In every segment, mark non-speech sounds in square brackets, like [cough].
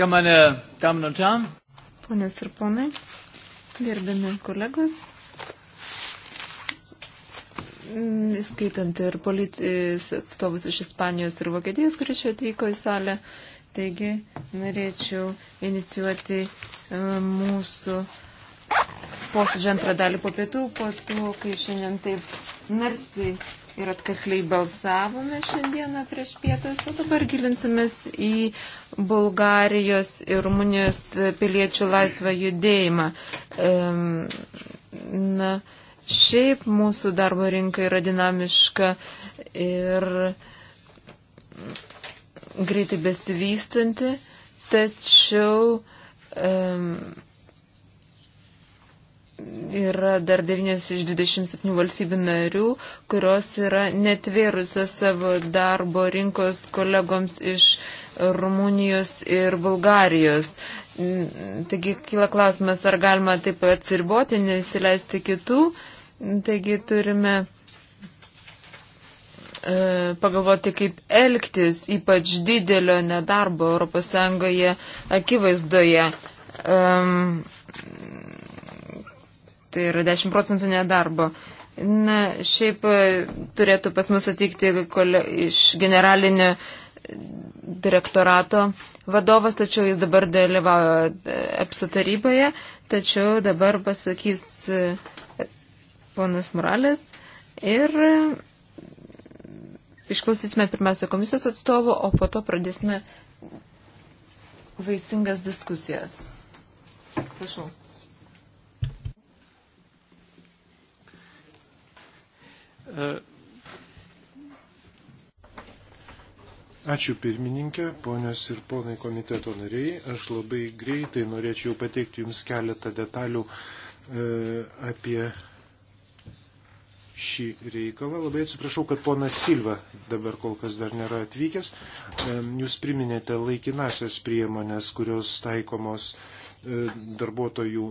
Ja, meine Damen und Herren. Ponios ir ponai, gerbiami kolegos, mm, skaitant ir policijos atstovus iš Ispanijos ir Vokietijos, kurie čia atvyko į salę, taigi norėčiau inicijuoti e, mūsų posėdžio antrą dalį po pietų, po to, kai šiandien taip narsiai ir atkakliai balsavome šiandieną prieš pietas, o dabar gilinsimės į Bulgarijos ir Rumunijos piliečių laisvą judėjimą. Na, šiaip mūsų darbo rinka yra dinamiška ir greitai besivystanti, tačiau um, yra dar 9 iš 27 valstybių narių, kurios yra netvėrusios savo darbo rinkos kolegoms iš Rumunijos ir Bulgarijos. Mm, taigi kyla klausimas, ar galima taip atsiriboti, nesileisti kitų. Taigi turime e, pagalvoti, kaip elgtis, ypač didelio nedarbo ES akivaizdoje. Um, e, tai yra 10 procentų nedarbo. Na, šiaip e, turėtų pas mus atvykti iš generalinio direktorato vadovas, tačiau jis dabar dalyvauja e, EPSO taryboje, tačiau dabar pasakys e, ponas Moralės ir išklausysime pirmiausia komisijos atstovų, o po to pradėsime vaisingas diskusijas. Prašau. Ačiū pirmininkė, ponios ir ponai komiteto nariai. Aš labai greitai norėčiau pateikti Jums keletą detalių e, apie šį reikalą. Labai atsiprašau, kad ponas Silva dabar kol kas dar nėra atvykęs. Jūs priminėte laikinasias priemonės, kurios taikomos E, darbuotojų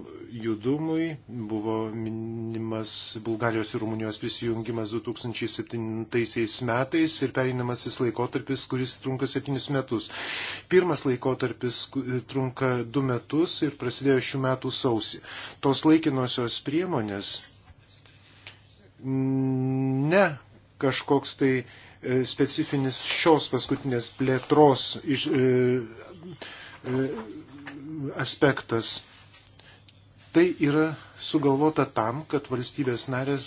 judumui. Buvo minimas Bulgarijos ir Rumunijos prisijungimas 2007 metais ir pereinamasis laikotarpis, kuris trunka 7 metus. Pirmas laikotarpis e, trunka 2 metus ir prasidėjo šių metų sausi. Tos laikinosios priemonės ne kažkoks tai e, specifinis šios paskutinės plėtros iš, e, e, aspektas. Tai yra sugalvota tam, kad valstybės narės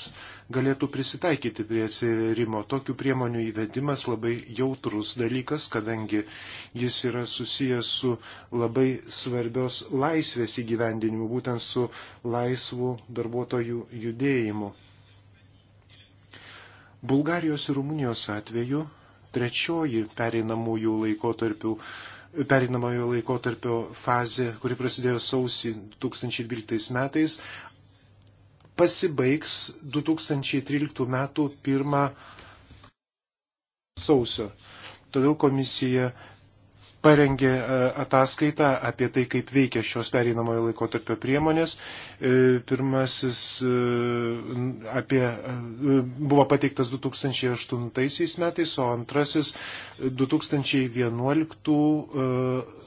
galėtų prisitaikyti prie atsivėrimo. Tokių priemonių įvedimas labai jautrus dalykas, kadangi jis yra susijęs su labai svarbios laisvės įgyvendinimu, būtent su laisvu darbuotojų judėjimu. Bulgarijos ir Rumunijos atveju trečioji pereinamųjų laikotarpių perinamojo laikotarpio fazė, kuri prasidėjo sausį 2012 metais, pasibaigs 2013 metų 1 sausio. Todėl komisija parengė e, ataskaitą apie tai, kaip veikia šios pereinamojo laikotarpio priemonės. E, pirmasis e, apie, buvo pateiktas 2008 metais, o antrasis 2011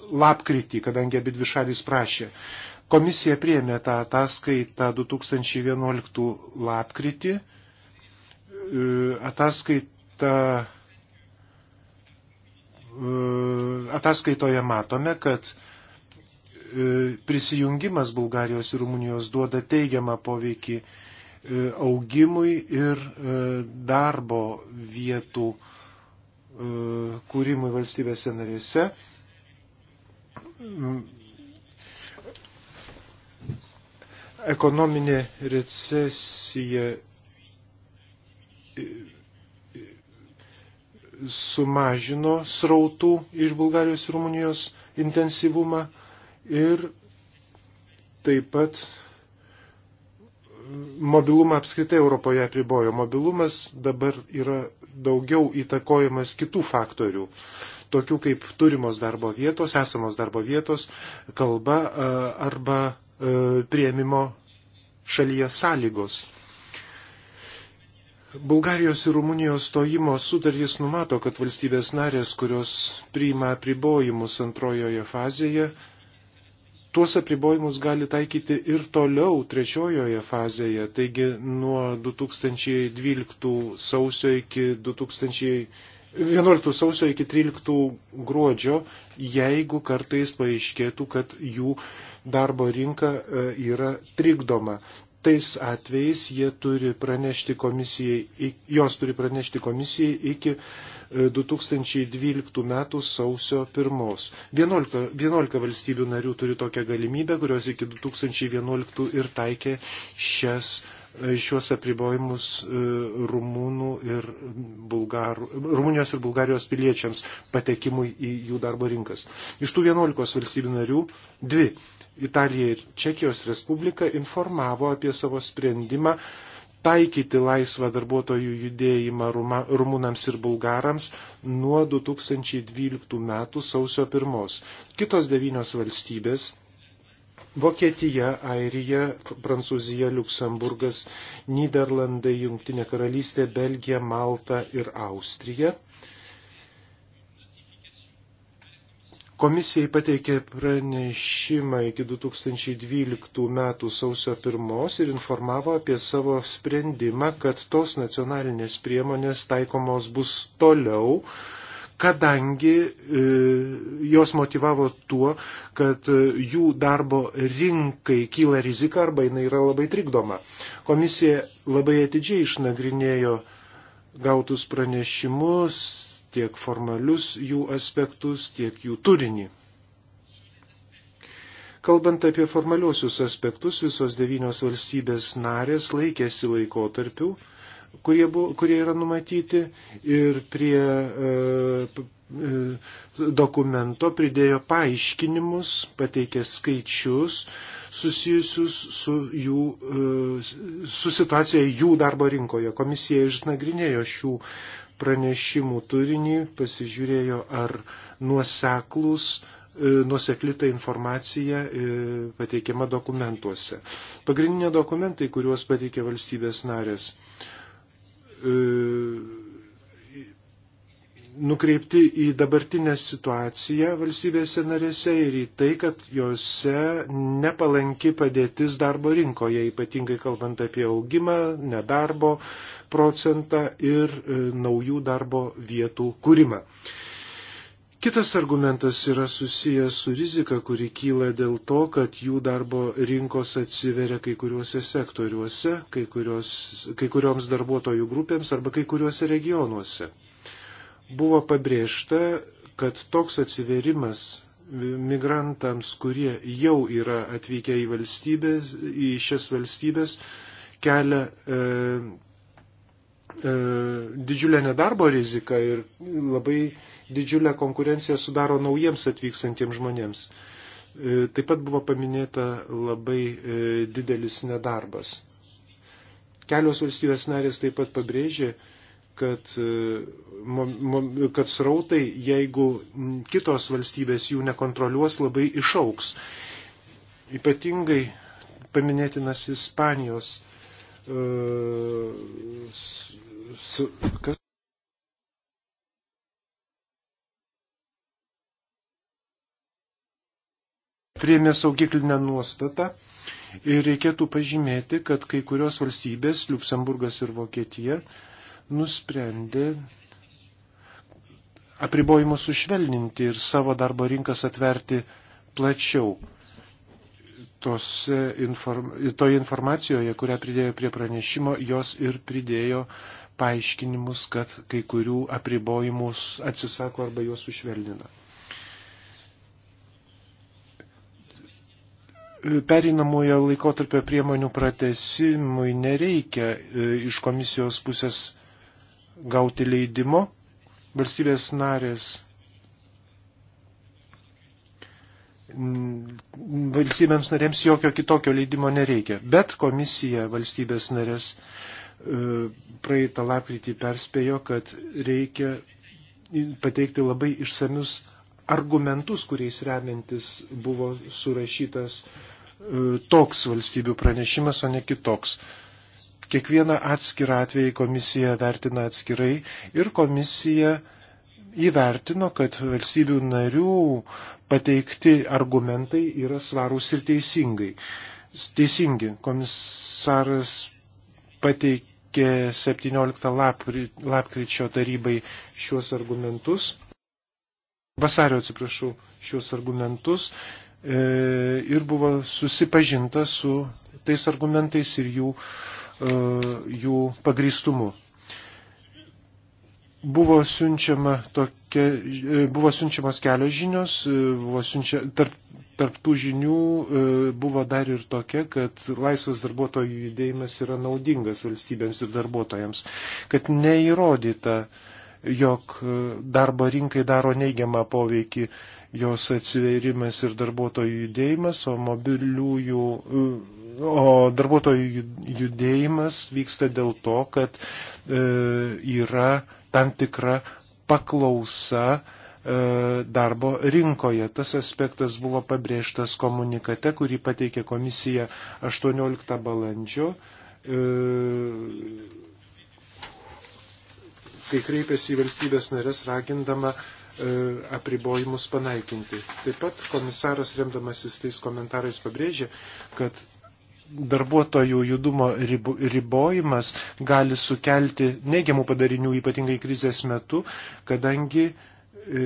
lapkritį, kadangi abi dvi šalys prašė. Komisija priėmė tą ataskaitą 2011 lapkritį. Ataskaita E, ataskaitoje matome, kad e, prisijungimas Bulgarijos ir Rumunijos duoda teigiamą poveikį e, augimui ir darbo vietų kūrimui valstybėse narėse. Mm. Ekonominė recesija sumažino srautų iš Bulgarijos ir Rumunijos intensyvumą ir taip pat e, mobilumą apskritai Europoje apribojo. Mobilumas dabar yra daugiau įtakojamas kitų faktorių, tokių kaip turimos darbo vietos, esamos darbo vietos, kalba e, arba e, prieimimo šalyje sąlygos. Bulgarijos ir Rumunijos stojimo sutartys numato, kad valstybės narės, kurios priima apribojimus antrojoje fazėje, tuos apribojimus gali taikyti ir toliau trečiojoje fazėje, taigi nuo 2012 sausio iki 2011 sausio iki 13 gruodžio, jeigu kartais paaiškėtų, kad jų darbo rinka e, yra trikdoma tais atvejais jie turi pranešti komisijai, jos turi pranešti komisijai iki 2012 e, m. sausio 1. 11, 11 valstybių narių turi tokią galimybę, kurios iki 2011 ir taikė šias, e, šios apribojimus e, Rumunų ir Bulgarų, Rumunijos ir Bulgarijos piliečiams patekimui į jų darbo rinkas. Iš tų 11 valstybių narių 2 Italija ir Čekijos Respublika informavo apie savo sprendimą taikyti laisvą darbuotojų judėjimą rumunams ir bulgarams nuo 2012 m. sausio 1. Kitos devynios valstybės - Vokietija, Airija, Prancūzija, Luksemburgas, Niderlandai, Junktinė karalystė, Belgija, Malta ir Austrija Komisijai pateikė pranešimą iki 2012 m. sausio 1 ir informavo apie savo sprendimą, kad tos nacionalinės priemonės taikomos bus toliau, kadangi e, jos motivavo tuo, kad e, jų darbo rinkai kyla rizika arba jinai yra labai trikdoma. Komisija labai atidžiai išnagrinėjo gautus pranešimus tiek formalius jų aspektus, tiek jų turinį. Kalbant apie formaliuosius aspektus, visos devynios valstybės narės laikėsi laikotarpių, kurie, buvo, kurie yra numatyti ir prie e, e, dokumento pridėjo paaiškinimus, pateikė skaičius susijusius su, jų, e, su situacija jų darbo rinkoje. Komisija išnagrinėjo šių pranešimų turinį, pasižiūrėjo, ar nuoseklus, e, nuosekli ta informacija e, pateikiama dokumentuose. Pagrindiniai dokumentai, kuriuos pateikė valstybės narės e, nukreipti į dabartinę situaciją valstybėse narėse ir į tai, kad juose nepalanki padėtis darbo rinkoje, ypatingai kalbant apie augimą, nedarbo procentą ir e, naujų darbo vietų kūrimą. Kitas argumentas yra susijęs su rizika, kuri kyla dėl to, kad jų darbo rinkos atsiveria kai kuriuose sektoriuose, kai, kurios, kai kurioms darbuotojų grupėms arba kai kuriuose regionuose buvo pabrėžta, kad toks atsiverimas migrantams, kurie jau yra atvykę į, valstybės, į šias valstybės, kelia e, e, didžiulę nedarbo riziką ir labai didžiulę konkurenciją sudaro naujiems atvykstantiems žmonėms. E, taip pat buvo paminėta labai e, didelis nedarbas. Kelios valstybės narės taip pat pabrėžė, e, kad, e, kad srautai, jeigu kitos valstybės jų nekontroliuos, labai išauks. Ypatingai paminėtinas Ispanijos. E, Su, kas? priemė saugiklinę nuostatą ir reikėtų pažymėti, kad kai kurios valstybės, Luksemburgas ir Vokietija, uh, nusprendė apribojimus sušvelninti ir savo darbo rinkas atverti plačiau. Tos inform, toje informacijoje, kurią pridėjo prie pranešimo, jos ir pridėjo paaiškinimus, kad kai kurių apribojimus atsisako arba juos sušvelnina. Perinamojo laikotarpio priemonių pratesimui nereikia e, iš komisijos pusės gauti leidimo. Valstybės narės valstybėms narėms jokio kitokio leidimo nereikia. Bet komisija valstybės narės e, praeitą lapkritį perspėjo, kad reikia pateikti labai išsamius argumentus, kuriais remiantis buvo surašytas e, toks valstybių pranešimas, o ne kitoks. Kiekvieną atskirą atvejį komisija vertina atskirai ir komisija įvertino, kad valstybių narių pateikti argumentai yra svarūs ir teisingai. Teisingi, komisaras pateikė 17 lapri, lapkričio tarybai šiuos argumentus, vasario atsiprašau, šiuos argumentus e, ir buvo susipažinta su tais argumentais ir jų E, jų pagristumu. Buvo, siunčiama tokia, e, buvo siunčiamas kelios žinios, e, buvo siunčia, tarp, tarp tų žinių buvo dar ir tokia, kad laisvas darbuotojų judėjimas yra naudingas valstybėms ir darbuotojams, kad neįrodyta, jog darbo rinkai daro neigiamą poveikį jos atsiverimas ir darbuotojų judėjimas, o mobiliųjų o darbuotojų judėjimas vyksta dėl to, kad e, yra tam tikra paklausa e, darbo rinkoje. Tas aspektas buvo pabrėžtas komunikate, kurį pateikė komisija 18 balandžio. E, kai kreipėsi į valstybės narės ragindama e, apribojimus panaikinti. Taip pat komisaras remdamasis tais komentarais pabrėžė, kad darbuotojų judumo ribojimas gali sukelti neigiamų padarinių, ypatingai krizės metu, kadangi e,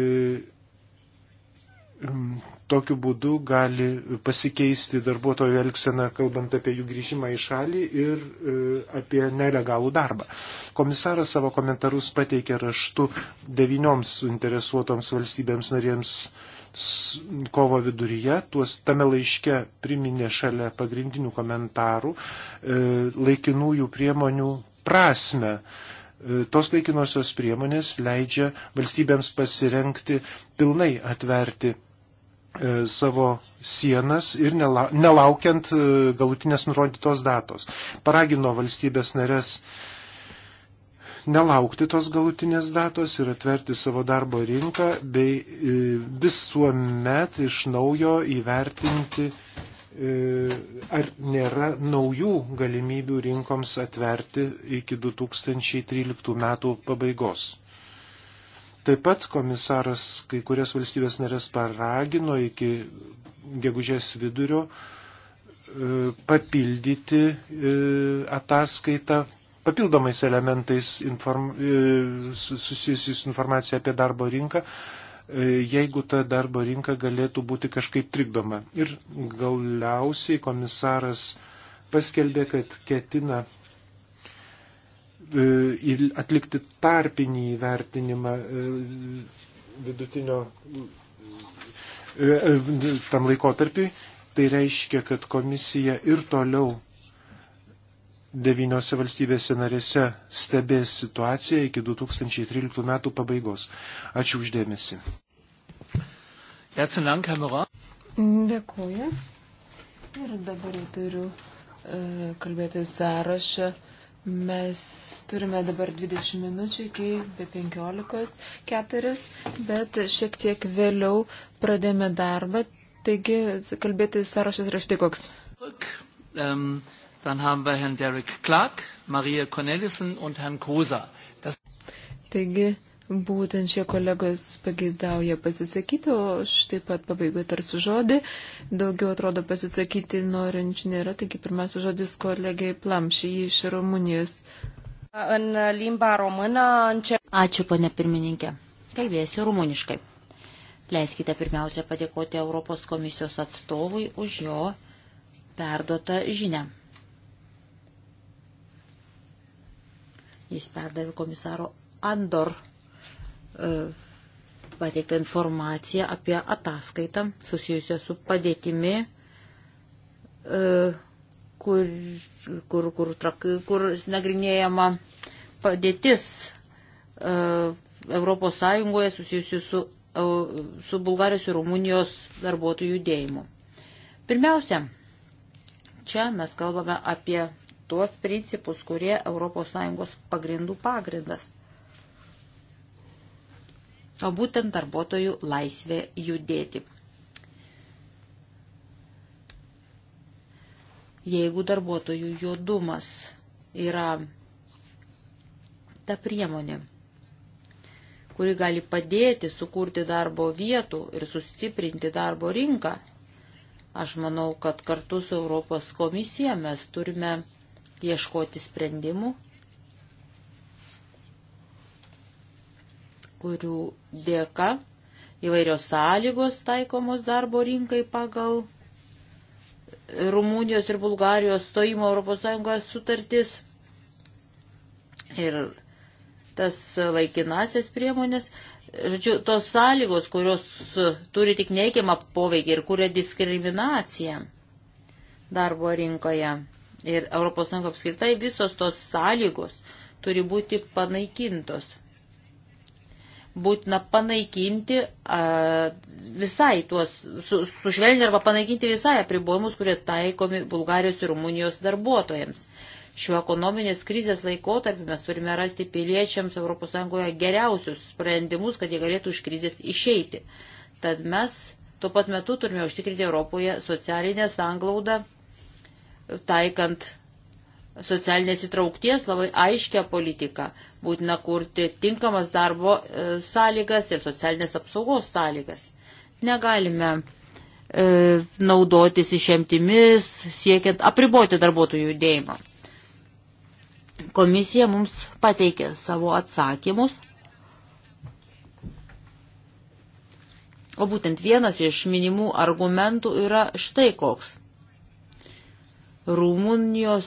tokiu būdu gali pasikeisti darbuotojų elgsena, kalbant apie jų grįžimą į šalį ir e, apie nelegalų darbą. Komisaras savo komentarus pateikė raštu devinioms suinteresuotoms valstybėms narėms kovo viduryje, tuos tame laiške priminė šalia pagrindinių komentarų e, laikinųjų priemonių prasme. E, tos laikinosios priemonės leidžia valstybėms pasirenkti pilnai atverti e, savo sienas ir nelaukiant e, galutinės nurodytos datos. Paragino valstybės narės nelaukti tos galutinės datos ir atverti savo darbo rinką bei e, visuomet iš naujo įvertinti, e, ar nėra naujų galimybių rinkoms atverti iki 2013 metų pabaigos. Taip pat komisaras kai kurias valstybės narės paragino iki gegužės vidurio e, papildyti ataskaitą papildomais elementais inform, e, susijusius informaciją apie darbo rinką, e, jeigu ta darbo rinka galėtų būti kažkaip trikdoma. Ir galiausiai komisaras paskelbė, kad ketina e, atlikti tarpinį įvertinimą vidutinio tam laikotarpiui. Tai reiškia, kad komisija ir toliau devyniose valstybėse narėse stebės situaciją iki 2013 metų pabaigos. Ačiū uždėmesi. Dėkuoju. Ir dabar jau turiu e, kalbėti sąrašą. Mes turime dabar 20 minučių iki be 15.4, bet šiek tiek vėliau pradėme darbą. Taigi, kalbėti sąrašas yra štai koks. Look, um... Ehm, Dann haben wir Herrn Derek Clark, Maria Cornelissen und Herrn Kosa. Das Taigi, būtent šie kolegos pagėdauja pasisakyti, o aš taip pat pabaigoju tarsi žodį. Daugiau atrodo pasisakyti norinčių nėra, taigi pirmasis žodis kolegiai Plamšiai iš Rumunijos. Ačiū, ponė pirmininkė. Kalbėsiu rumuniškai. Leiskite pirmiausia padėkoti Europos komisijos atstovui už jo perduotą žinią. Jis perdavė komisaro Andor e, pateiktą informaciją apie ataskaitą susijusią su padėtimi, e, kur, kur, kur, kur nagrinėjama padėtis e, Europos Sąjungoje susijusi su, su Bulgarijos ir Rumunijos darbuotojų judėjimu. Pirmiausia, čia mes kalbame apie tuos principus, kurie ES pagrindų pagrindas. O būtent darbuotojų laisvė judėti. Jeigu darbuotojų juodumas yra ta priemonė, kuri gali padėti sukurti darbo vietų ir sustiprinti darbo rinką. Aš manau, kad kartu su Europos komisija mes turime ieškoti sprendimų, kurių dėka įvairios sąlygos taikomos darbo rinkai pagal Rumunijos ir Bulgarijos stojimo Europos Sąjungos sutartis ir tas laikinasias priemonės. Žodžiu, tos sąlygos, kurios turi tik neigiamą poveikį ir kuria diskriminaciją darbo rinkoje ir ES apskritai visos tos sąlygos turi būti panaikintos. Būtina panaikinti a, visai tuos, su, sušvelninti arba panaikinti visai apribojimus, kurie taikomi Bulgarijos ir Rumunijos darbuotojams. Šiuo ekonominės krizės laikotarpiu mes turime rasti piliečiams ES geriausius sprendimus, kad jie galėtų iš krizės išeiti. Tad mes tuo pat metu turime užtikrinti Europoje socialinę sanglaudą taikant socialinės įtraukties labai aiškę politiką. Būtina kurti tinkamas darbo e, sąlygas ir socialinės apsaugos sąlygas. Negalime e, naudotis išimtimis, siekiant apriboti darbuotojų judėjimą. Komisija mums pateikė savo atsakymus. O būtent vienas iš minimų argumentų yra štai koks. Rumunijos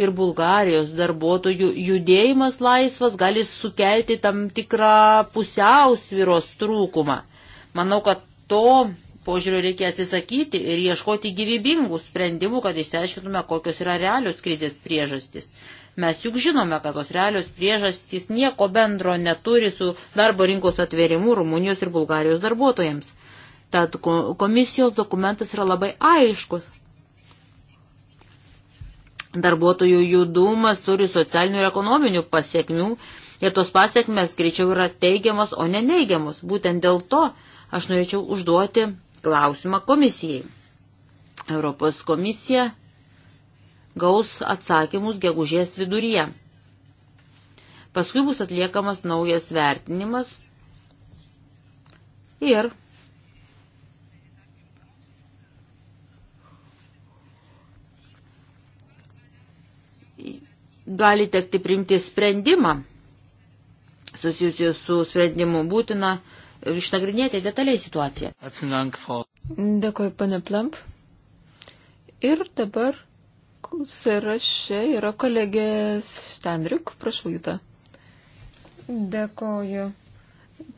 ir Bulgarijos darbuotojų judėjimas laisvas gali sukelti tam tikrą pusiausviros trūkumą. Manau, kad to požiūrio reikia atsisakyti ir ieškoti gyvybingų sprendimų, kad išsiaiškintume, kokios yra realios krizės priežastys. Mes juk žinome, kad tos realios priežastys nieko bendro neturi su darbo rinkos atverimu Rumunijos ir Bulgarijos darbuotojams. Tad komisijos dokumentas yra labai aiškus Darbuotojų judumas turi socialinių ir ekonominių pasiekmių ir tos pasiekmes greičiau yra teigiamos, o ne neigiamos. Būtent dėl to aš norėčiau užduoti klausimą komisijai. Europos komisija gaus atsakymus gegužės viduryje. Paskui bus atliekamas naujas vertinimas ir gali tekti priimti sprendimą susijusiu su sprendimu būtina išnagrinėti detaliai situaciją. Dėkuoju, pane Plamp. Ir dabar sąraše yra kolegė Štendrik, prašau jūtą. Dėkuoju.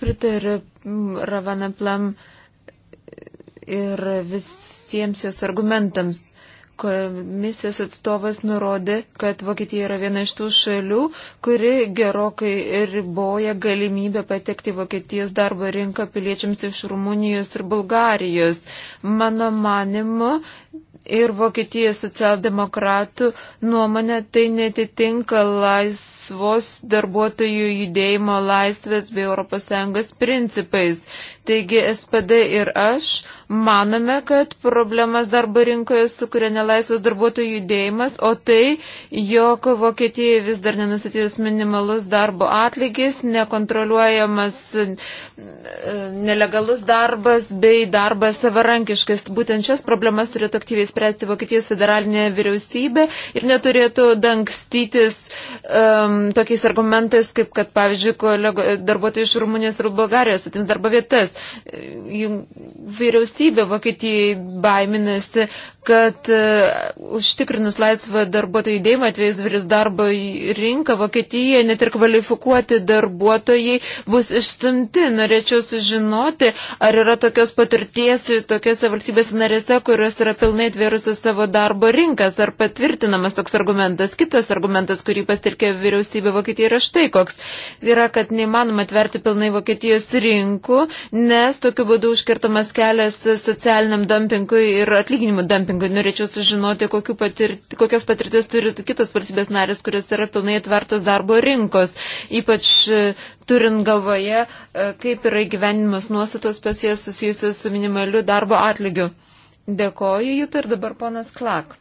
Pritariu Ravana Plam ir visiems jos argumentams. Komisijos atstovas nurodė, kad Vokietija yra viena iš tų šalių, kuri gerokai riboja galimybę patekti Vokietijos darbo rinką piliečiams iš Rumunijos ir Bulgarijos. Mano manimu, ir Vokietijos socialdemokratų nuomonė tai netitinka laisvos darbuotojų judėjimo laisvės bei ES principais. Taigi SPD ir aš Manome, kad problemas darbo rinkoje sukuria nelaisvas darbuotojų judėjimas, o tai, jog Vokietijoje vis dar nenusitytas minimalus darbo atlygis, nekontroliuojamas e, nelegalus darbas bei darbas savarankiškas. Būtent šias problemas turėtų aktyviai spręsti Vokietijos federalinė vyriausybė ir neturėtų dangstytis um, tokiais argumentais, kaip kad, pavyzdžiui, kolego, darbuotojai iš Rumunijos ir Bulgarijos atims darbo vietas. Vyriausybė vyriausybė Vokietijoje baiminasi, kad e, užtikrinus laisvą darbuotojų judėjimą atveizvirus darbo rinką Vokietijoje net ir kvalifikuoti darbuotojai bus išstumti. Norėčiau sužinoti, ar yra tokios patirties tokiose valstybės narėse, kurios yra pilnai atvėrusios savo darbo rinkas. Ar patvirtinamas toks argumentas? Kitas argumentas, kurį pastirkė vyriausybė Vokietijoje, yra štai koks. Yra, kad neįmanoma atverti pilnai Vokietijos rinkų, nes tokiu būdu užkirtamas kelias socialiniam dumpingui ir atlyginimų dumpingui sąjungai. Norėčiau sužinoti, patirti, kokias patirtis turi kitos valstybės narės, kurios yra pilnai atvertos darbo rinkos, ypač e, turint galvoje, e, kaip yra gyvenimas nuostatos pas jas susijusios su minimaliu darbo atlygiu. Dėkoju jų ir dabar ponas Klak.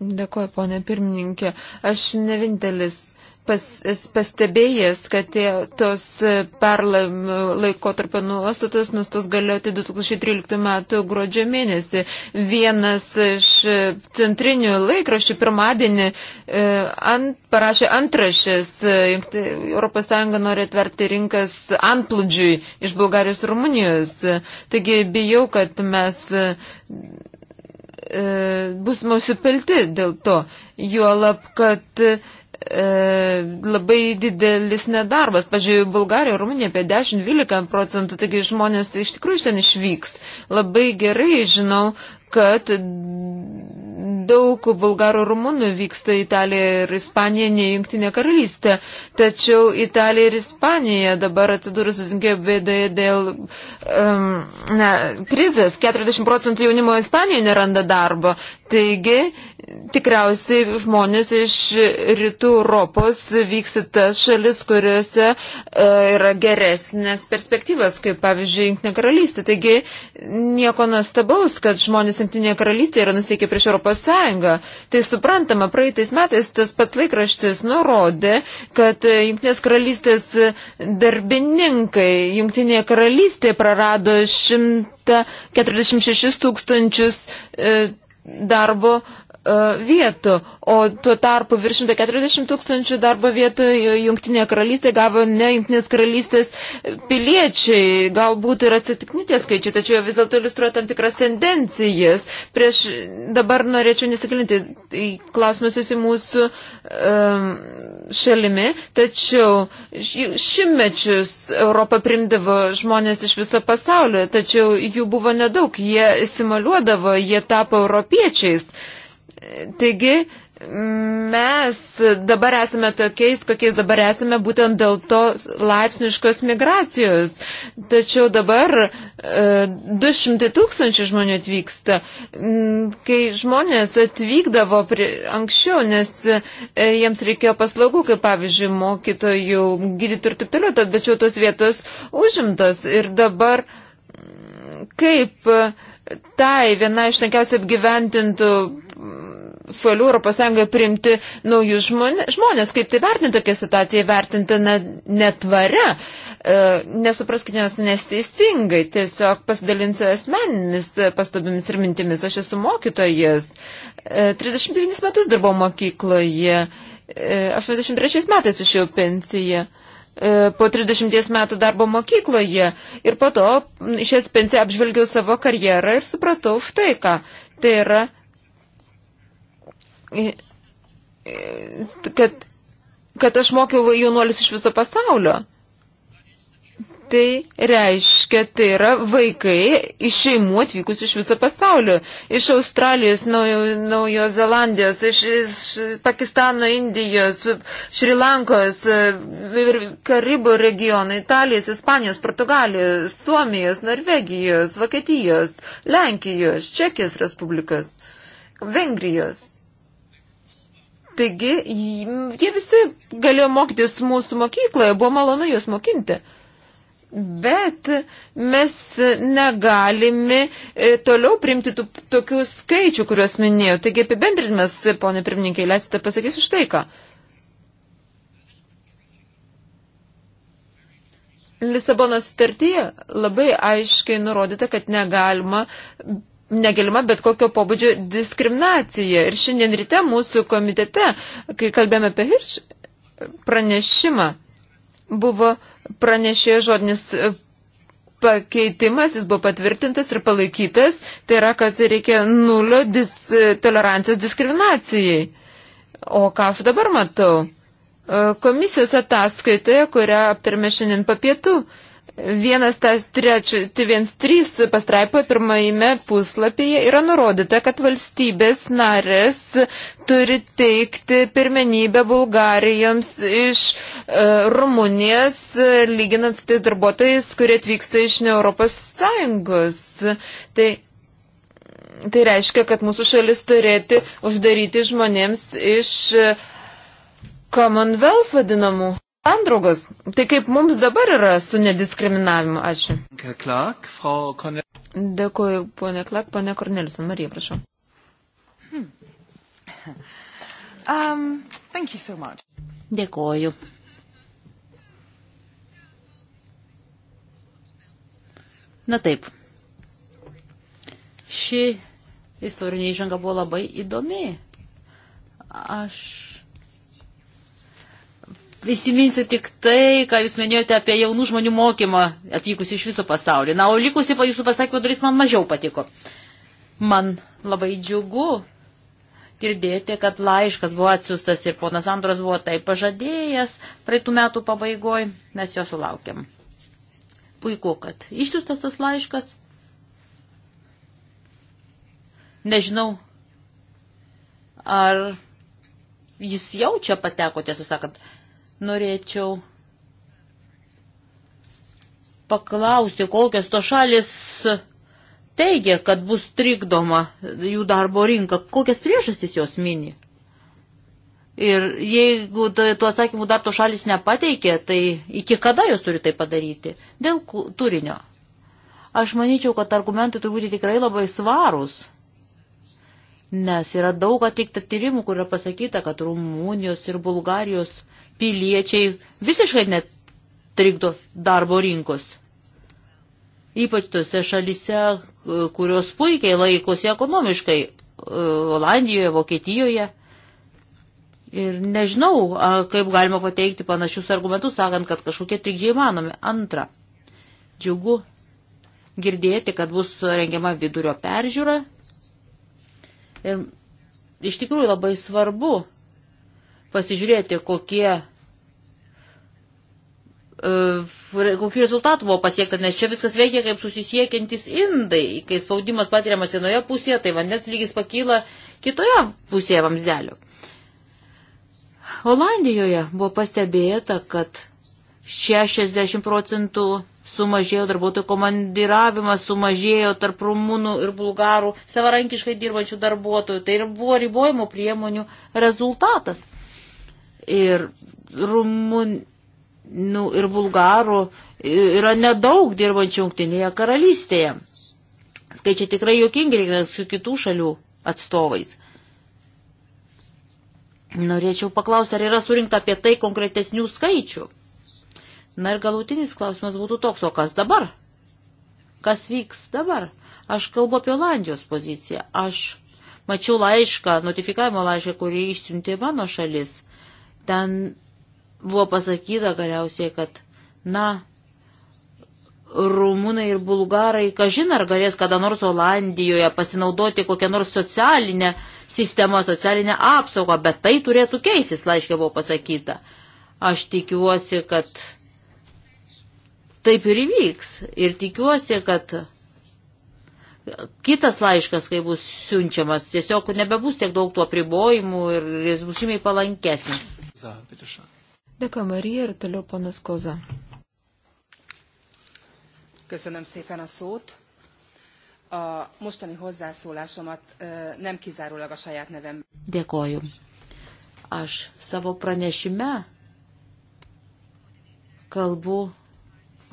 Dėkoju, ponė pirmininkė. Aš ne vintelis pas, pastebėjęs, kad tie, tos e, perlaim laikotarpio nuostatos nustos galioti 2013 m. gruodžio mėnesį. Vienas iš e, centrinių laikraščių pirmadienį e, ant, parašė antrašės, ES nori atverti rinkas antplūdžiui iš Bulgarijos ir Rumunijos. Taigi bijau, kad mes busime užsipilti dėl to. Juolab, kad E, labai didelis nedarbas. Pavyzdžiui, Bulgarija, Rumunija apie 10-12 procentų, taigi žmonės iš tikrųjų iš ten išvyks. Labai gerai žinau, kad daug bulgarų rumunų vyksta į Italiją ir Ispaniją, ne Junktinė karalystė. Tačiau Italija ir Ispanija dabar atsidūrus susinkėjo bėdoje dėl um, na, krizės. 40 procentų jaunimo Ispanijoje neranda darbo. Taigi, tikriausiai žmonės iš rytų Europos vyks į tas šalis, kuriuose e, yra geresnės perspektyvas, kaip pavyzdžiui, Junktinė karalystė. Taigi nieko nuostabaus, kad žmonės Junktinė karalystė yra nusiteikę prieš Europos Sąjungą. Tai suprantama, praeitais metais tas pats laikraštis nurodė, kad Junktinės karalystės darbininkai Junktinėje karalystėje prarado 146 tūkstančius e, darbo E, vietų, o tuo tarpu virš 140 tūkstančių darbo vietų e, Junktinėje karalystėje gavo ne Junktinės karalystės piliečiai. Galbūt ir atsitiknytės skaičiai, tačiau vis dėlto iliustruoja tam tikras tendencijas. Prieš dabar norėčiau nesigilinti į klausimus į mūsų um, šalimi, tačiau šimmečius Europą primdavo žmonės iš viso pasaulio, tačiau jų buvo nedaug, jie simuliuodavo, jie tapo europiečiais. Uh, Taigi, mes dabar esame tokiais, kokiais dabar esame būtent dėl to laipsniškos migracijos. Tačiau dabar e, 200 tūkstančių žmonių atvyksta, mm, kai žmonės atvykdavo prie, anksčiau, nes e, jiems reikėjo paslaugų, kaip pavyzdžiui, mokytojų, gydytojų ir taip toliau, tačiau tos vietos užimtos. Ir dabar mm, kaip tai viena iš tankiausiai apgyventintų šalių Europos Sąjungoje priimti naujus žmonės. Kaip tai vertinti tokią situaciją, vertinti netvarę. E, nesupraskite, nes teisingai, tiesiog pasidalinsiu asmenimis pastabimis ir mintimis. Aš esu mokytojas, 39 e, metus dirbau mokykloje, 83 e, metais išėjau pensiją po 30 metų darbo mokykloje ir po to iš esmės apžvelgiau savo karjerą ir supratau štai ką. Tai yra kad, kad aš mokiau jaunuolis iš viso pasaulio. Tai reiškia, tai yra vaikai iš šeimų atvykus iš viso pasaulio. Iš Australijos, Naujo, Naujo Zelandijos, iš, iš Pakistano, Indijos, Šrilankos, Karibų regionų, Italijos, Ispanijos, Portugalijos, Suomijos, Norvegijos, Vokietijos, Lenkijos, Čekijos Respublikos, Vengrijos. Taigi, jie visi galėjo mokytis mūsų mokykloje, buvo malonu juos mokinti. Bet mes negalime e, toliau primti tų, tokių skaičių, kuriuos minėjau. Taigi apibendrinimas, ponė pirmininkai, leisite pasakysiu štai ką. Lisabono sutartyje labai aiškiai nurodyta, kad negalima negalima bet kokio pobūdžio diskriminacija. Ir šiandien ryte mūsų komitete, kai kalbėjome apie Hirš pranešimą, buvo pranešėjo žodinis pakeitimas, jis buvo patvirtintas ir palaikytas, tai yra, kad reikia nulio dis, tolerancijos diskriminacijai. O ką aš dabar matau? Komisijos ataskaitoje, kurią aptarėme šiandien papietų, pietų, Vienas tas trečias, viens trys pastraipoje pirmajame puslapyje yra nurodyta, kad valstybės narės turi teikti pirmenybę Bulgarijoms iš e, Rumunijos, lyginant su tais darbuotojais, kurie atvyksta iš ne Europos Sąjungos. Tai Tai reiškia, kad mūsų šalis turėti uždaryti žmonėms iš e, Commonwealth vadinamų sandraugos. Tai kaip mums dabar yra su nediskriminavimu? Ačiū. Dėkuoju, ponė Klak, ponė Kornelison. Marija, prašau. Hmm. Um, so much. Dėkuoju. Na taip. Ši istorinė įžanga buvo labai įdomi. Aš Prisiminsiu tik tai, ką jūs minėjote apie jaunų žmonių mokymą atvykus iš viso pasaulio. Na, o likusi po jūsų pasakymo dalis man mažiau patiko. Man labai džiugu girdėti, kad laiškas buvo atsiustas ir ponas Andras buvo tai pažadėjęs praeitų metų pabaigoj, mes jo sulaukėm. Puiku, kad išsiustas tas laiškas. Nežinau, ar jis jau čia pateko, tiesą sakant norėčiau paklausti, kokios to šalis teigia, kad bus trikdoma jų darbo rinka, kokias priežastys jos mini. Ir jeigu tuo atsakymu dar to šalis nepateikė, tai iki kada jos turi tai padaryti? Dėl turinio. Aš manyčiau, kad argumentai turi būti tikrai labai svarūs. Nes yra daug atlikta tyrimų, kur yra pasakyta, kad Rumunijos ir Bulgarijos piliečiai visiškai net trikdo darbo rinkos. Ypač tose šalise, kurios puikiai laikosi ekonomiškai, e, Olandijoje, Vokietijoje. Ir nežinau, kaip galima pateikti panašius argumentus, sakant, kad kažkokie trikdžiai manomi. Antra, džiugu girdėti, kad bus rengiama vidurio peržiūra. Ir iš tikrųjų labai svarbu pasižiūrėti, kokie, e, kokių rezultatų buvo pasiekta, nes čia viskas veikia kaip susisiekiantis indai, kai spaudimas patiriamas vienoje pusėje, tai vandens lygis pakyla kitoje pusėje vamzdelio. Olandijoje buvo pastebėta, kad 60 procentų sumažėjo darbuotojų komandiravimas, sumažėjo tarp rumunų ir bulgarų savarankiškai dirbančių darbuotojų. Tai ir buvo ribojimo priemonių rezultatas ir rumunų nu, ir bulgarų yra nedaug dirbančių jungtinėje karalystėje. Skaičiai tikrai jokingi, lyginant su kitų šalių atstovais. Norėčiau paklausti, ar yra surinkta apie tai konkretesnių skaičių. Na ir galutinis klausimas būtų toks, o kas dabar? Kas vyks dabar? Aš kalbu apie Olandijos poziciją. Aš mačiau laišką, notifikavimo laišką, kurį išsiuntė mano šalis Ten buvo pasakyta galiausiai, kad, na, rumūnai ir bulgarai, kažin ar galės kada nors Olandijoje pasinaudoti kokią nors socialinę sistemą, socialinę apsaugą, bet tai turėtų keistis, laiškė buvo pasakyta. Aš tikiuosi, kad taip ir įvyks. Ir tikiuosi, kad kitas laiškas, kai bus siunčiamas, tiesiog nebebus tiek daug tų apribojimų ir jis bus žymiai palankesnis. Dėkuoju, Marija, ir toliau ponas Koza. Köszönöm szépen a szót. A mostani hozzászólásomat nem kizárólag a saját nevem. Dėkoju. Aš savo pranešime kalbu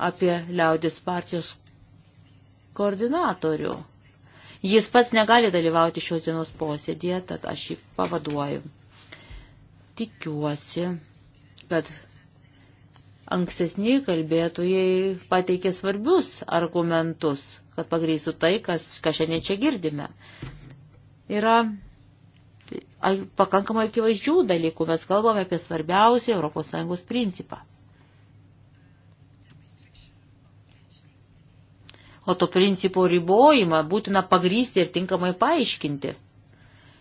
apie liaudės partijos koordinatorių. Jis pats negali dalyvauti šios dienos posėdėje, tad aš jį pavaduoju. Tikiuosi, kad ankstesniai kalbėtojai pateikė svarbius argumentus, kad pagrįstų tai, kas, ką šiandien čia girdime. Yra pakankamai akivaizdžių dalykų, mes kalbame apie svarbiausią ES principą. O to principo ribojimą būtina pagrysti ir tinkamai paaiškinti.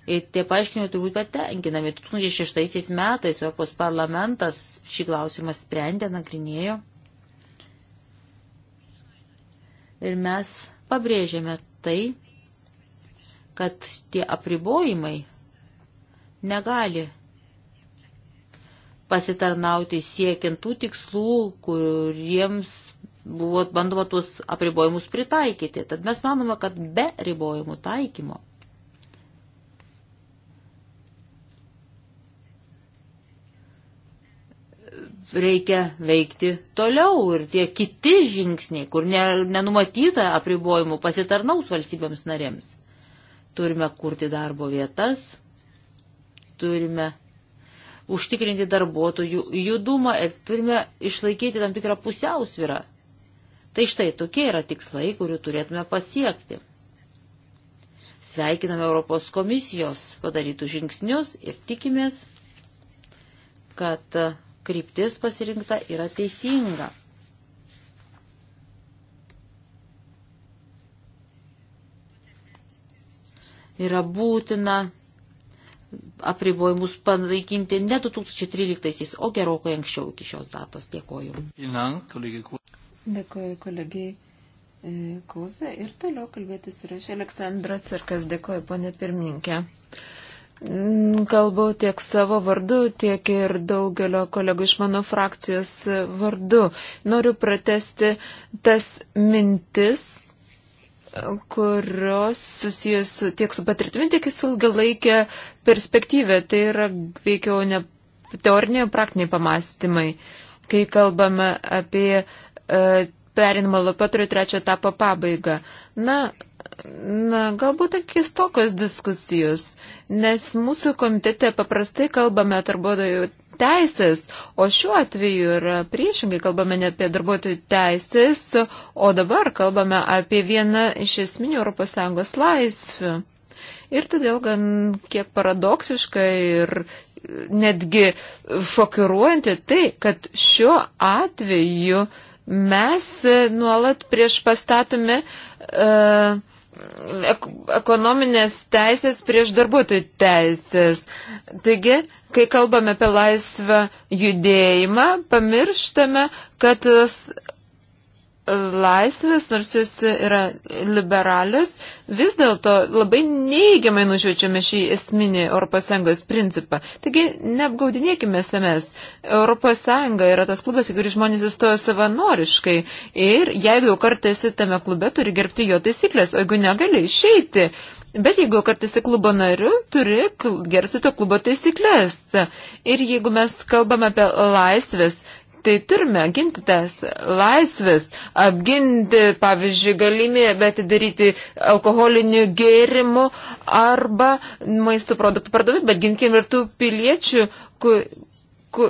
Ir tie paaiškinimai turbūt patenkinami. 2006 metais Europos parlamentas šį klausimą sprendė, nagrinėjo. Ir mes pabrėžėme tai, kad tie apribojimai negali pasitarnauti siekiant tų tikslų, kuriems buvo bandoma tuos apribojimus pritaikyti. Tad mes manome, kad be ribojimų taikymo reikia veikti toliau ir tie kiti žingsniai, kur ne, nenumatyta apribojimų, pasitarnaus valstybėms narėms. Turime kurti darbo vietas, turime užtikrinti darbuotojų judumą ir turime išlaikyti tam tikrą pusiausvyrą. Tai štai tokie yra tikslai, kurių turėtume pasiekti. Sveikiname Europos komisijos padarytų žingsnius ir tikimės, kad kryptis pasirinkta yra teisinga. Yra būtina apribojimus panaikinti ne 2013-aisiais, o gerokai anksčiau iki šios datos. Dėkoju. Dėkoju kolegijai e, Kūzai ir toliau kalbėtis yra Aleksandra Cirkas. Dėkoju, ponė pirmininkė. Kalbu tiek savo vardu, tiek ir daugelio kolegų iš mano frakcijos vardu. Noriu pratesti tas mintis, kurios susijęs su tiek su patirtimi, tiek su ilgalaikė perspektyvė. Tai yra veikiau ne teoriniai, o praktiniai pamastymai, kai kalbame apie e, perinamą lopatrio trečio etapo pabaigą. Na, na, galbūt akistokios diskusijos, nes mūsų komitete paprastai kalbame darbuotojų teisės, o šiuo atveju yra priešingai, kalbame ne apie darbuotojų teisės, o dabar kalbame apie vieną iš esminių ES laisvių. Ir todėl gan kiek paradoksiška ir netgi šokiruojanti tai, kad šiuo atveju mes nuolat prieš pastatome uh, ekonominės teisės prieš darbuotojų teisės. Taigi, kai kalbame apie laisvą judėjimą, pamirštame, kad laisvės, nors jis yra liberalis, vis dėlto labai neigiamai nušvečiame šį esminį ES principą. Taigi neapgaudinėkime savęs. ES yra tas klubas, į kurį žmonės įstoja savanoriškai ir jeigu jau kartą esi tame klube, turi gerbti jo taisyklės, o jeigu negali išeiti. Bet jeigu kartais esi klubo nariu, turi gerbti to klubo taisyklės. Ir jeigu mes kalbame apie laisvės, Tai turime ginti tas laisvės, apginti, pavyzdžiui, galimybę atidaryti alkoholinių gėrimų arba maisto produktų parduotuvę, bet ginkim ir tų piliečių ku, ku,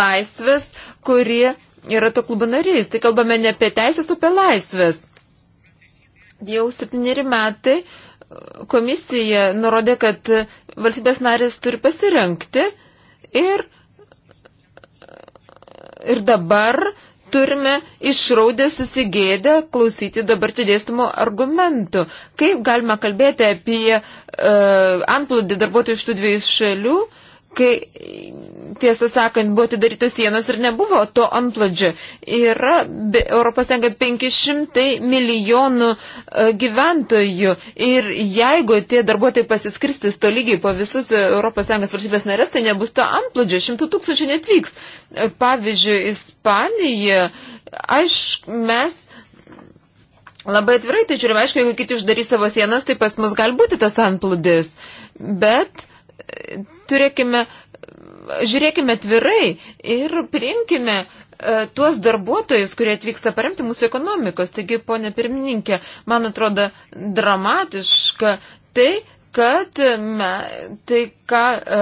laisvės, kurie yra to klubo nariais. Tai kalbame ne apie teisės, o apie laisvės. Jau septyneri metai komisija nurodė, kad valstybės narės turi pasirenkti ir ir dabar turime išraudę susigėdę klausyti dabar čia dėstumų argumentų. Kaip galima kalbėti apie uh, antplūdį darbuotojų iš tų dviejų šalių, uh, kai, tiesą sakant, buvo atidarytos sienos ir nebuvo to antplodžio. Yra Europos Sąjunga 500 milijonų e, gyventojų ir jeigu tie darbuotojai pasiskristis to lygiai po visus Europos Sąjungos valstybės narės, tai nebus to antplodžio, šimtų tūkstančių netvyks. E, pavyzdžiui, Ispanija, aš mes. Labai atvirai, tai žiūrime, aišku, jeigu kiti uždarys savo sienas, tai pas mus gali būti tas antplūdis. Bet turėkime, žiūrėkime tvirai ir priimkime uh, tuos darbuotojus, kurie atvyksta paremti mūsų ekonomikos. Taigi, ponė pirmininkė, man atrodo dramatiška tai, kad me, tai, ką e,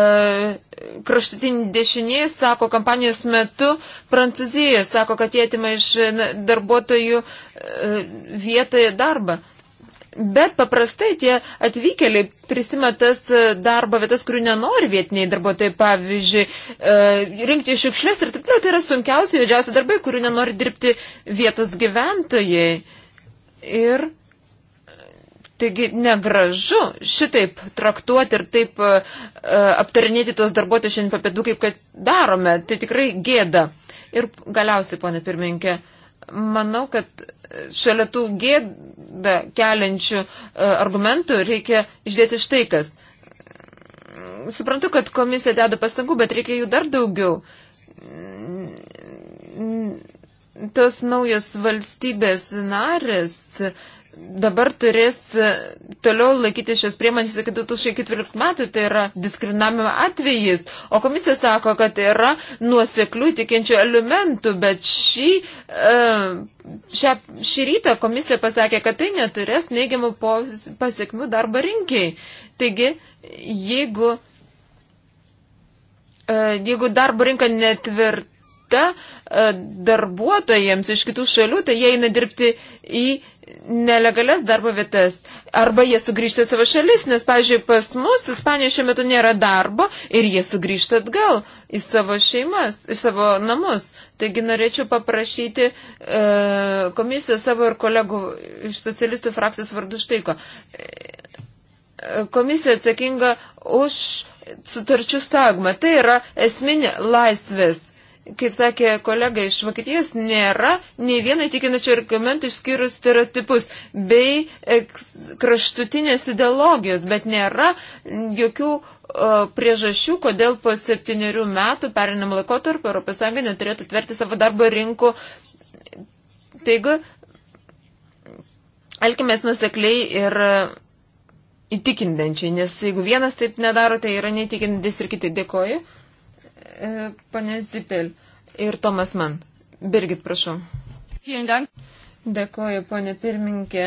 kraštutiniai dešiniai sako kampanijos metu, Prancūzija sako, kad jie atima iš darbuotojų e, vietoje darbą. Bet paprastai tie atvykėliai prisima tas e, darbo vietas, kurių nenori vietiniai darbuotojai, pavyzdžiui, e, rinkti šiukšlės ir taip toliau. Tai yra sunkiausi, didžiausi darbai, kurių nenori dirbti vietos gyventojai. Ir e, taigi negražu šitaip traktuoti ir taip aptarinėti tuos darbuotojus šiandien papėdų, kaip kad darome. Tai tikrai gėda. Ir galiausiai, ponė pirmininkė, manau, kad šalia tų gėdų skurdą keliančių e, argumentų reikia išdėti štai kas. Suprantu, kad komisija deda pastangų, bet reikia jų dar daugiau. Tos naujas valstybės narės dabar turės e, toliau laikyti šios priemonės iki 2004 metų, tai yra diskriminavimo atvejis. O komisija sako, kad yra nuoseklių tikinčių elementų, bet šį, e, šią, šį rytą komisija pasakė, kad tai neturės neigiamų pasiekmių darbo rinkiai. Taigi, jeigu, e, jeigu darbo rinka netvirta, skirta darbuotojams iš kitų šalių, tai jie eina dirbti į nelegalias darbo vietas arba jie sugrįžta savo šalis, nes, pažiūrėjau, pas mus Ispanijoje šiuo metu nėra darbo ir jie sugrįžta atgal į savo šeimas, į savo namus. Taigi norėčiau paprašyti e, komisijos savo ir kolegų iš socialistų frakcijos vardu štaiko. E, komisija atsakinga už sutarčių sagmą. Tai yra esminė laisvės kaip sakė kolega iš Vokietijos, nėra nei vieno įtikinančio argumento išskyrus stereotipus bei kraštutinės ideologijos, bet nėra jokių o, priežasčių, kodėl po septyniarių metų perinam laikotarpį ES neturėtų tverti savo darbo rinkų. Taigi, elkimės nusekliai ir įtikindančiai, nes jeigu vienas taip nedaro, tai yra neįtikinantis ir kiti. Dėkoju. E, Pane Zipel ir Tomas Man. Birgit, prašau. Dėkoju, ponė pirminkė.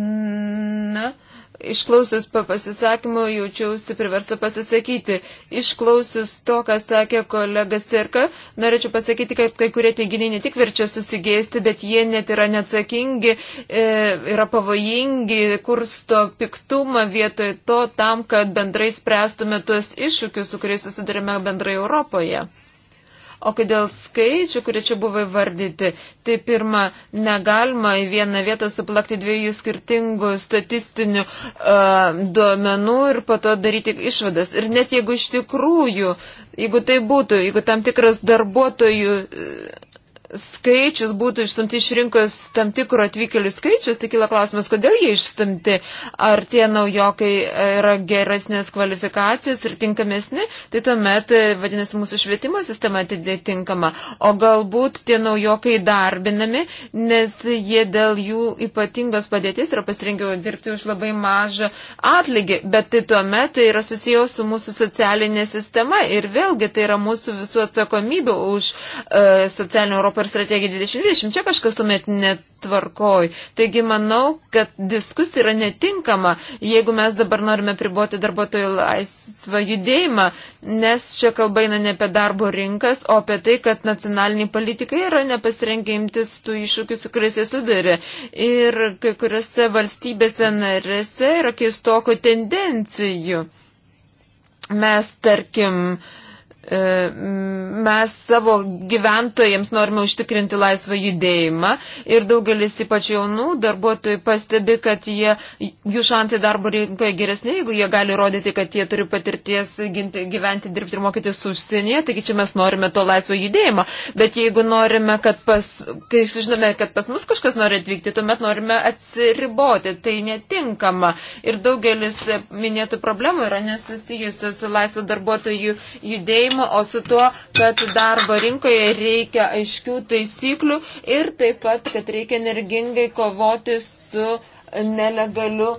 Na, Išklausius po pasisakymo jaučiausi priversta pasisakyti. Išklausius to, ką sakė kolega Sirka, norėčiau pasakyti, kad kai kurie teiginiai ne tik verčia susigėsti, bet jie net yra neatsakingi, e, yra pavojingi, kursto piktumą vietoj to tam, kad bendrai spręstume tuos iššūkius, su kuriais susidurime bendrai Europoje. O kai dėl skaičių, kurie čia buvo įvardyti, tai pirma, negalima į vieną vietą suplakti dviejų skirtingų statistinių uh, duomenų ir po to daryti išvadas. Ir net jeigu iš tikrųjų, jeigu tai būtų, jeigu tam tikras darbuotojų. Uh, skaičius būtų išstumti iš rinkos tam tikro atvykėlių skaičius, tai kila klausimas, kodėl jie išstumti, ar tie naujokai yra geresnės kvalifikacijos ir tinkamesni, tai tuomet, e, vadinasi, mūsų švietimo sistema atitinkama, o galbūt tie naujokai darbinami, nes jie dėl jų ypatingos padėties yra pasirinkę dirbti už labai mažą atlygį, bet tai tuomet tai yra susijęs su mūsų socialinė sistema ir vėlgi tai yra mūsų visų atsakomybė už e, socialinę Europą per strategiją 2020. Čia kažkas tuomet netvarkoj. Taigi manau, kad diskusija yra netinkama, jeigu mes dabar norime priboti darbuotojų laisvą judėjimą, nes čia kalba eina ne apie darbo rinkas, o apie tai, kad nacionaliniai politikai yra nepasirenkę imtis tų iššūkių, su kuriais jie sudarė. Ir kai kuriuose valstybėse narėse yra keistokų tendencijų. Mes, tarkim, uh, E, mes savo gyventojams norime užtikrinti laisvą judėjimą ir daugelis ypač jaunų darbuotojų pastebi, kad jie, jų šansai darbo rinkoje geresni, jeigu jie gali rodyti, kad jie turi patirties ginti, gyventi, dirbti ir mokytis užsienyje, taigi čia mes norime to laisvo judėjimo. Bet jeigu norime, kad pas, kai žinome, kad pas mus kažkas nori atvykti, tuomet norime atsiriboti, tai netinkama. Ir daugelis minėtų problemų yra nesusijusios su laisvo darbuotojų judėjimu susitarimu, o su tuo, kad darbo rinkoje reikia aiškių taisyklių ir taip pat, kad reikia energingai kovoti su nelegaliu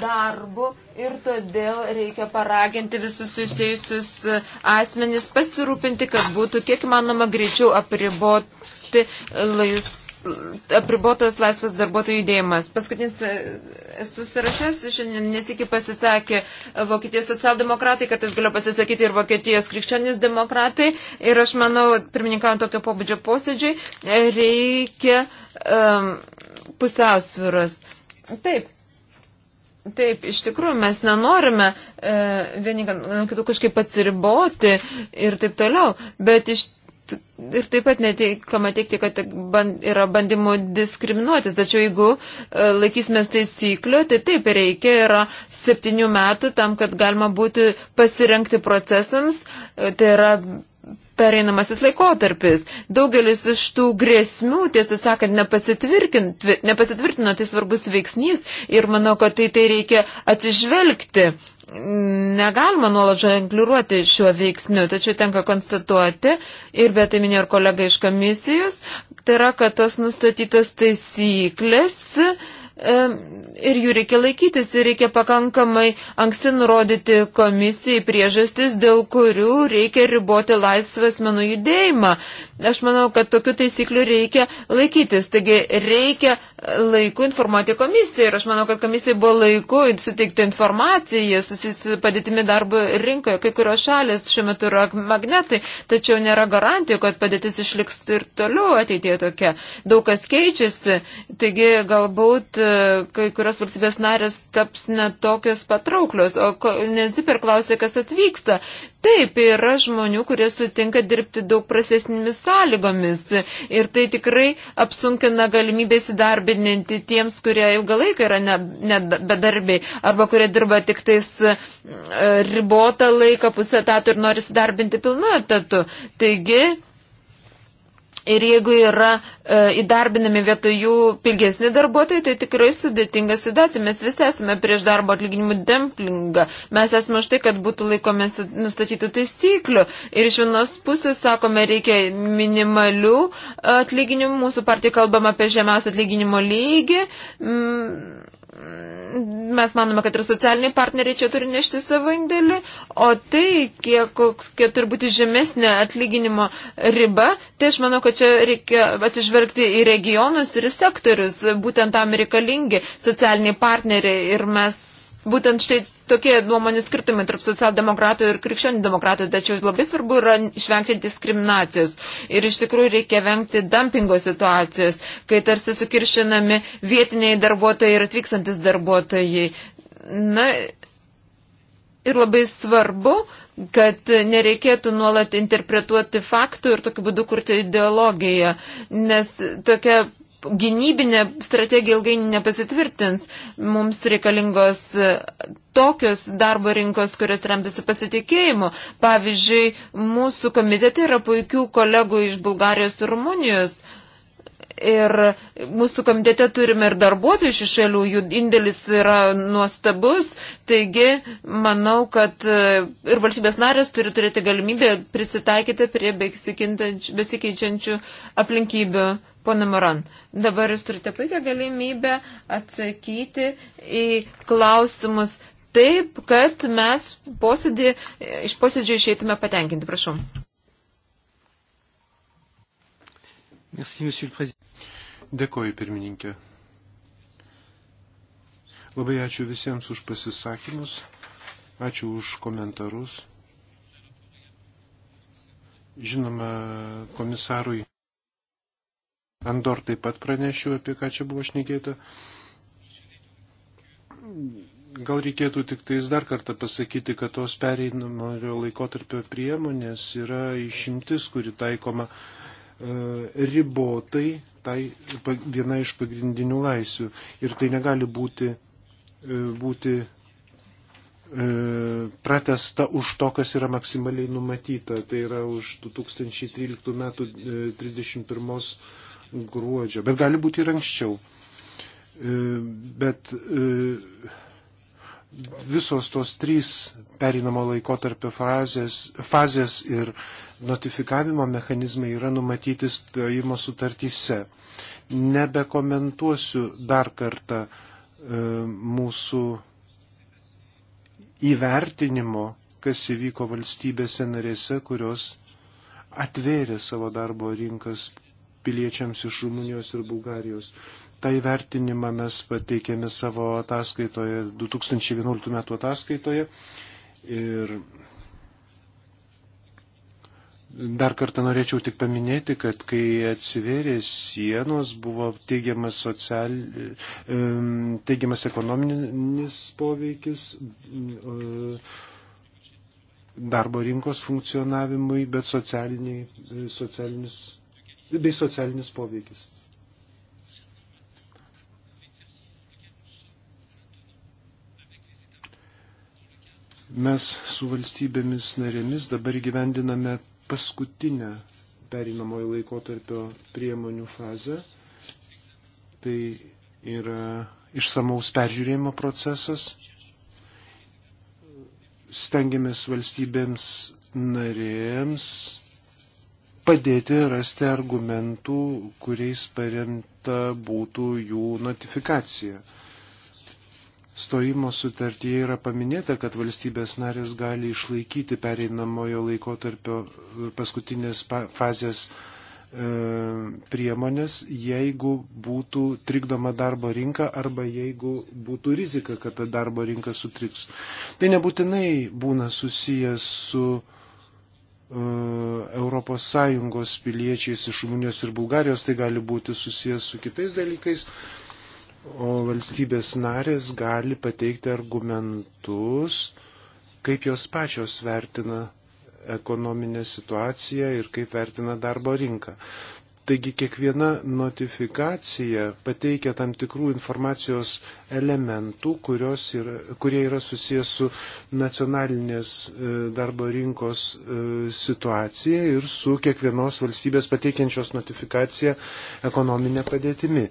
darbu ir todėl reikia paraginti visus susijusius asmenys pasirūpinti, kad būtų kiek manoma greičiau apriboti laisvą apribotas laisvas darbuotojų judėjimas. Paskutinis e, susirašęs šiandien nesikį pasisakė Vokietijos socialdemokratai, kartais galiu pasisakyti ir Vokietijos krikščionis demokratai. Ir aš manau, pirmininkaujant tokio pobūdžio posėdžiai, e, reikia um, pusiausviros. Taip. Taip, iš tikrųjų, mes nenorime e, vieni kitų kažkaip atsiriboti ir taip toliau, bet iš Ir taip pat neteikama teikti, kad yra bandymų diskriminuotis, tačiau jeigu e, laikysimės taisyklių, tai taip reikia yra septynių metų tam, kad galima būti pasirenkti procesams, e, tai yra pereinamasis laikotarpis. Daugelis iš tų grėsmių, tiesą sakant, nepasitvirtino, tai svarbus veiksnys ir manau, kad tai, tai reikia atsižvelgti negalima nuolat žangliruoti šiuo veiksniu, tačiau tenka konstatuoti, ir betai minėjo ir kolega iš komisijos, tai yra, kad tos nustatytos taisyklės ir jų reikia laikytis ir reikia pakankamai anksti nurodyti komisijai priežastis, dėl kurių reikia riboti laisvą asmenų judėjimą. Aš manau, kad tokių taisyklių reikia laikytis. Taigi reikia laiku informuoti komisiją ir aš manau, kad komisijai buvo laiku suteikti informaciją susijusi padėtimi darbo rinkoje. Kai kurios šalis šiuo metu yra magnetai, tačiau nėra garantijų, kad padėtis išliks ir toliau ateityje tokia. Daug kas keičiasi, taigi galbūt E, kai kurios valstybės narės taps netokios patrauklios, o Neziper klausė, kas atvyksta. Taip, yra žmonių, kurie sutinka dirbti daug prasesnėmis sąlygomis ir tai tikrai apsunkina galimybę įsidarbinti tiems, kurie ilgą laiką yra ne, ne bedarbiai arba kurie dirba tik tais e, ribotą laiką, pusę etatų ir nori įsidarbinti pilnu etatu. Taigi, Ir jeigu yra e, įdarbinami vietoj jų pilgesni darbuotojai, tai tikrai sudėtinga situacija. Mes visi esame prieš darbo atlyginimų demplingą. Mes esame už tai, kad būtų laikomės nustatytų taisyklių. Ir iš vienos pusės, sakome, reikia minimalių atlyginimų. Mūsų partija kalbama apie žemiausią atlyginimo lygį. Mm mes manome, kad ir socialiniai partneriai čia turi nešti savo indėlį, o tai, kiek, kiek turi būti žemesnė atlyginimo riba, tai aš manau, kad čia reikia atsižvelgti į regionus ir į sektorius, būtent tam reikalingi socialiniai partneriai ir mes Būtent štai tokie nuomonių skirtumai tarp socialdemokratų ir krikščionių demokratų, tačiau labai svarbu yra išvengti diskriminacijos. Ir iš tikrųjų reikia vengti dumpingo situacijos, kai tarsi sukiršinami vietiniai darbuotojai ir atvykstantis darbuotojai. Na, ir labai svarbu, kad nereikėtų nuolat interpretuoti faktų ir tokiu būdu kurti ideologiją, nes tokia gynybinė strategija ilgai nepasitvirtins. Mums reikalingos e, tokios darbo rinkos, kurios remtasi pasitikėjimu. Pavyzdžiui, mūsų komitete yra puikių kolegų iš Bulgarijos ir Rumunijos. Ir mūsų komitete turime ir darbuotojų iš šalių, jų indėlis yra nuostabus, taigi manau, kad e, ir valstybės narės turi turėti galimybę prisitaikyti prie besikeičiančių aplinkybių. Pone Moran, dabar jūs turite puikią galimybę atsakyti į klausimus taip, kad mes posėdį, iš posėdžio išeitume patenkinti. Prašau. Merci, Dėkoju, pirmininkė. Labai ačiū visiems už pasisakymus, ačiū už komentarus. Žinoma, komisarui Andor taip pat pranešiu, apie ką čia buvo šnekėta. Gal reikėtų tik tais dar kartą pasakyti, kad tos pereinamojo laikotarpio priemonės yra išimtis, kuri taikoma e, ribotai, tai viena iš pagrindinių laisvių. Ir tai negali būti, e, būti e, pratesta už to, kas yra maksimaliai numatyta. Tai yra už 2013 metų 31 gruodžio, bet gali būti ir anksčiau. E, bet e, visos tos trys perinamo laikotarpio frazės, fazės ir notifikavimo mechanizmai yra numatyti stojimo sutartyse. Nebekomentuosiu dar kartą e, mūsų įvertinimo, kas įvyko valstybėse narėse, kurios atvėrė savo darbo rinkas piliečiams iš Rumunijos ir Bulgarijos. Tai vertinimą mes pateikėme savo ataskaitoje 2011 metų ataskaitoje. Ir dar kartą norėčiau tik paminėti, kad kai atsivėrė sienos, buvo teigiamas, social, teigiamas ekonominis poveikis e, darbo rinkos funkcionavimui, bet e, socialinis bei socialinis poveikis. Mes su valstybėmis narėmis dabar gyvendiname paskutinę perinamojo laikotarpio priemonių fazę. Tai yra išsamaus peržiūrėjimo procesas. Stengiamės valstybėms narėms padėti rasti argumentų, kuriais paremta būtų jų notifikacija. Stojimo sutartyje yra paminėta, kad valstybės narės gali išlaikyti pereinamojo laikotarpio paskutinės fazės e, priemonės, jeigu būtų trikdoma darbo rinka arba jeigu būtų rizika, kad ta darbo rinka sutriks. Tai nebūtinai būna susijęs su uh, ES piliečiais iš Rumunijos ir Bulgarijos, tai gali būti susijęs su kitais dalykais, o valstybės narės gali pateikti argumentus, kaip jos pačios vertina ekonominę situaciją ir kaip vertina darbo rinką. Taigi kiekviena notifikacija pateikia tam tikrų informacijos elementų, yra, kurie yra susijęs su nacionalinės e, darbo rinkos e, situacija ir su kiekvienos valstybės pateikiančios notifikaciją ekonominė padėtimi.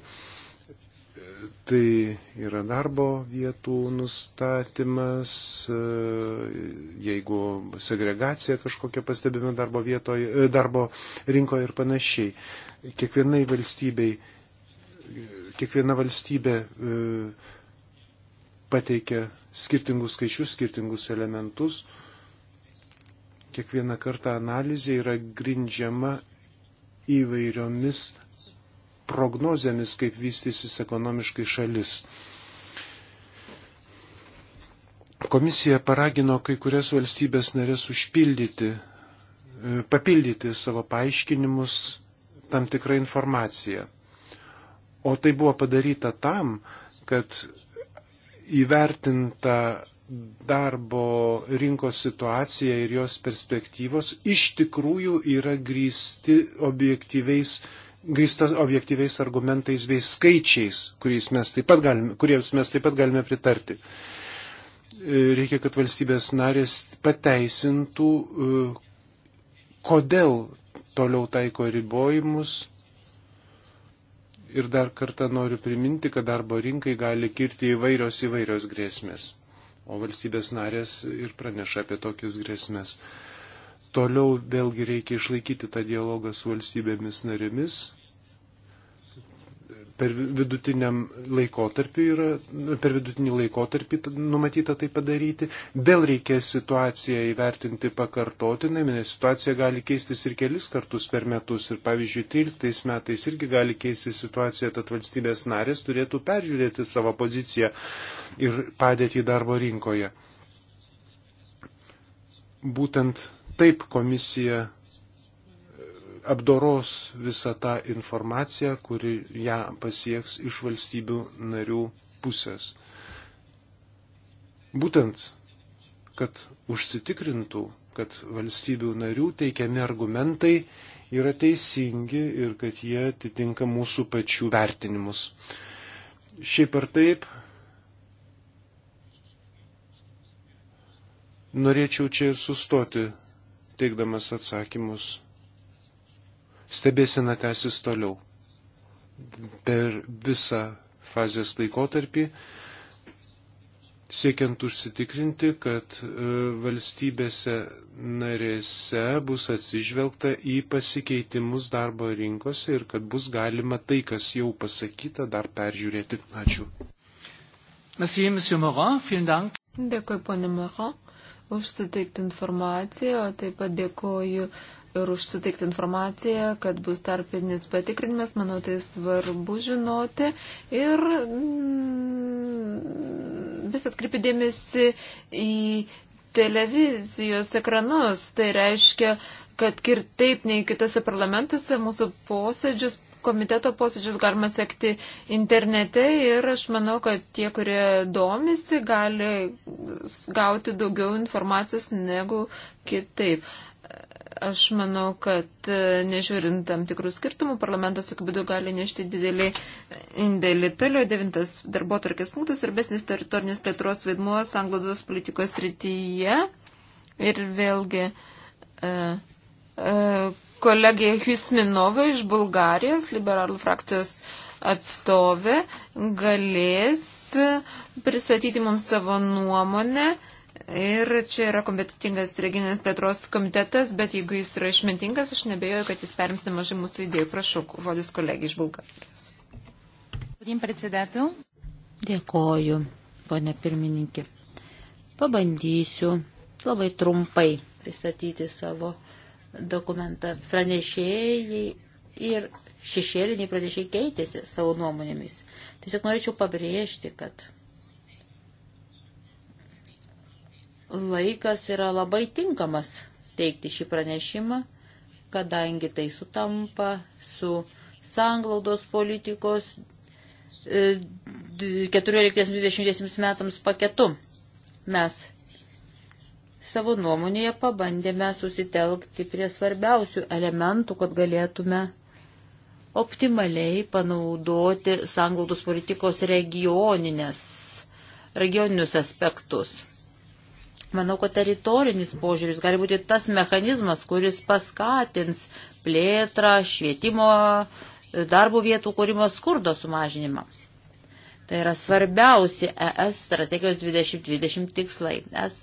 Tai yra darbo vietų nustatymas, e, jeigu segregacija kažkokia pastebime darbo, vietoje, darbo rinkoje ir panašiai. Kiekvienai valstybei, kiekviena valstybė e, pateikia skirtingus skaičius, skirtingus elementus. Kiekvieną kartą analizė yra grindžiama įvairiomis prognozėmis, kaip vystysis ekonomiškai šalis. Komisija paragino kai kurias valstybės narės užpildyti, e, papildyti savo paaiškinimus tam tikrą informaciją. O tai buvo padaryta tam, kad įvertinta darbo rinkos situacija ir jos perspektyvos iš tikrųjų yra grįsti objektyviais grįsta objektyviais argumentais bei skaičiais, mes galime, kuriems mes taip pat galime pritarti. E, reikia, kad valstybės narės pateisintų, e, kodėl toliau taiko ribojimus. Ir dar kartą noriu priminti, kad darbo rinkai gali kirti įvairios įvairios grėsmės. O valstybės narės ir praneša apie tokias grėsmės. Toliau vėlgi reikia išlaikyti tą dialogą su valstybėmis narėmis. Per, yra, per vidutinį laikotarpį numatyta tai padaryti. Vėl reikės situaciją įvertinti pakartotinai, nes situacija gali keistis ir kelis kartus per metus. Ir pavyzdžiui, 13 metais irgi gali keistis situacija, tad valstybės narės turėtų peržiūrėti savo poziciją ir padėti darbo rinkoje. Būtent Taip komisija e, apdoros visą tą informaciją, kuri ją pasieks iš valstybių narių pusės. Būtent, kad užsitikrintų, kad valstybių narių teikiami argumentai yra teisingi ir kad jie atitinka mūsų pačių vertinimus. Šiaip ar taip, norėčiau čia ir sustoti teikdamas atsakymus. Stebėsena tęsis toliau. Per visą fazės laikotarpį, siekiant užsitikrinti, kad e, valstybėse narėse bus atsižvelgta į pasikeitimus darbo rinkose ir kad bus galima tai, kas jau pasakyta, dar peržiūrėti. Ačiū. Merci, Monsieur Morin, vielen Dank. Dėkui, ponė Morin už suteiktą informaciją, o taip pat dėkoju ir už suteiktą informaciją, kad bus tarpinis patikrinimas, manau, tai svarbu žinoti. Ir mm, vis atkreipi dėmesį į televizijos ekranus, tai reiškia, uh, kad kirtaip nei kitose parlamentuose mūsų posėdžius, komiteto posėdžius galima sekti internete ir aš manau, kad tie, kurie domisi, gali gauti daugiau informacijos negu kitaip. Aš manau, kad e, nežiūrint tam tikrų skirtumų, parlamentas tokiu būdu gali nešti didelį indėlį. Toliau devintas darbo tvarkės punktas, svarbesnis teritorinės plėtros vaidmuo sanglaudos politikos rytyje. Ir vėlgi. Uh, E, kolegė Husminova iš Bulgarijos, liberalų frakcijos atstovė, galės pristatyti mums savo nuomonę. Ir čia yra kompetitingas regioninės plėtros komitetas, bet jeigu jis yra išmintingas, aš nebejoju, kad jis perims nemažai mūsų idėjų. Prašau, žodis kolegė iš Bulgarijos. Dėkoju, ponė pirmininkė. Pabandysiu labai trumpai pristatyti savo dokumentą. Pranešėjai ir šešėliniai pranešėjai keitėsi savo nuomonėmis. Tiesiog norėčiau pabrėžti, kad laikas yra labai tinkamas teikti šį pranešimą, kadangi tai sutampa su sanglaudos politikos 14-20 e, metams paketu. Mes savo nuomonėje pabandėme susitelkti prie svarbiausių elementų, kad galėtume optimaliai panaudoti sanglaudos politikos regioninės, regioninius aspektus. Manau, kad teritorinis požiūris gali būti tas mechanizmas, kuris paskatins plėtrą, švietimo, darbo vietų kūrimo skurdo sumažinimą. Tai yra svarbiausi ES strategijos 2020 tikslai. Es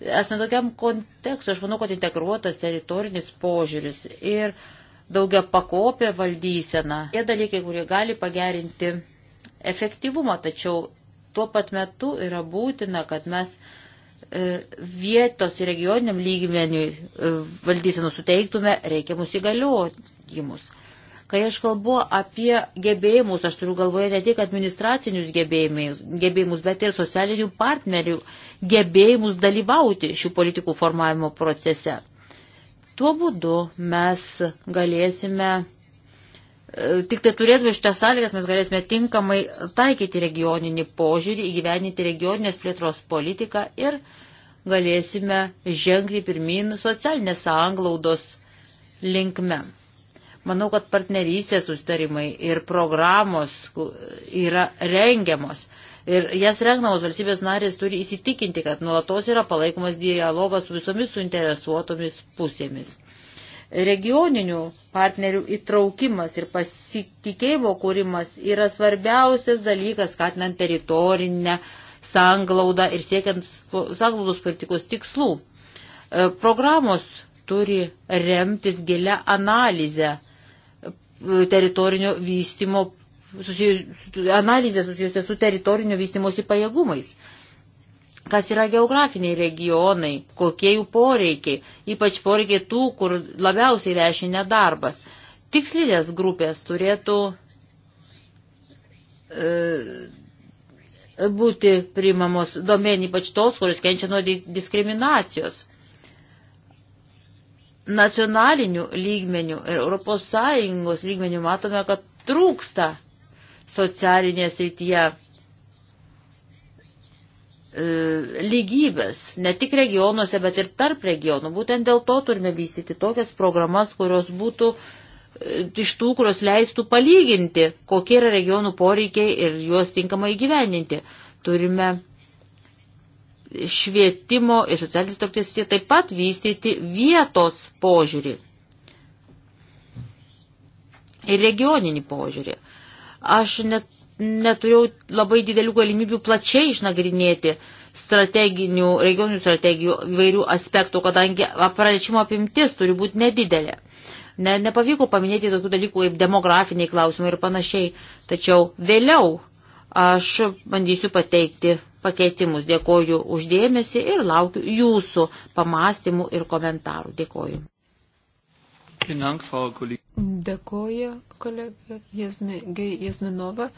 Esant tokiam kontekstui, aš manau, kad integruotas teritorinis požiūris ir daugia pakopė valdysena, tie dalykai, kurie gali pagerinti efektyvumą, tačiau tuo pat metu yra būtina, kad mes e, vietos ir regioniniam lygmeniui e, valdysenų suteiktume reikiamus įgaliojimus. Kai aš kalbu apie gebėjimus, aš turiu galvoje ne tik administracinius gebėjimus, gebėjimus bet ir socialinių partnerių gebėjimus dalyvauti šių politikų formavimo procese. Tuo būdu mes galėsime, e, tik tai turėtume šitas sąlygas, mes galėsime tinkamai taikyti regioninį požiūrį, įgyveninti regioninės plėtros politiką ir galėsime žengti pirmin socialinės sąnglaudos linkme. Manau, kad partnerystės sustarimai ir programos yra rengiamos. Ir jas rengdamos valstybės narės turi įsitikinti, kad nuolatos yra palaikomas dialogas su visomis suinteresuotomis pusėmis. Regioninių partnerių įtraukimas ir pasitikėjimo kūrimas yra svarbiausias dalykas, skatinant teritorinę sanglaudą ir siekiant sanglaudos politikos tikslų. E, programos turi remtis gilia analizę teritorinio vystimo, susijus, analizė susijusia su teritorinio vystimosi pajėgumais. Kas yra geografiniai regionai, kokie jų poreikiai, ypač poreikiai tų, kur labiausiai veši nedarbas. Tikslinės grupės turėtų e, būti primamos domenį, ypač tos, kurios kenčia nuo diskriminacijos nacionalinių lygmenių ir ES lygmenių matome, kad trūksta socialinėje srityje e, lygybės, ne tik regionuose, bet ir tarp regionų. Būtent dėl to turime vystyti tokias programas, kurios būtų e, iš tų, kurios leistų palyginti, kokie yra regionų poreikiai ir juos tinkamai gyveninti. Turime švietimo ir socialinės toktis taip pat vystyti vietos požiūrį ir regioninį požiūrį. Aš net, neturėjau labai didelių galimybių plačiai išnagrinėti strateginių, regioninių strategijų įvairių aspektų, kadangi pranešimo apimtis turi būti nedidelė. Ne, nepavyko paminėti tokių dalykų kaip demografiniai klausimai ir panašiai, tačiau vėliau aš bandysiu pateikti pakeitimus. Dėkoju uždėmesi ir laukiu jūsų pamastymų ir komentarų. Dėkoju. Dėkoju kolegė Jasminova.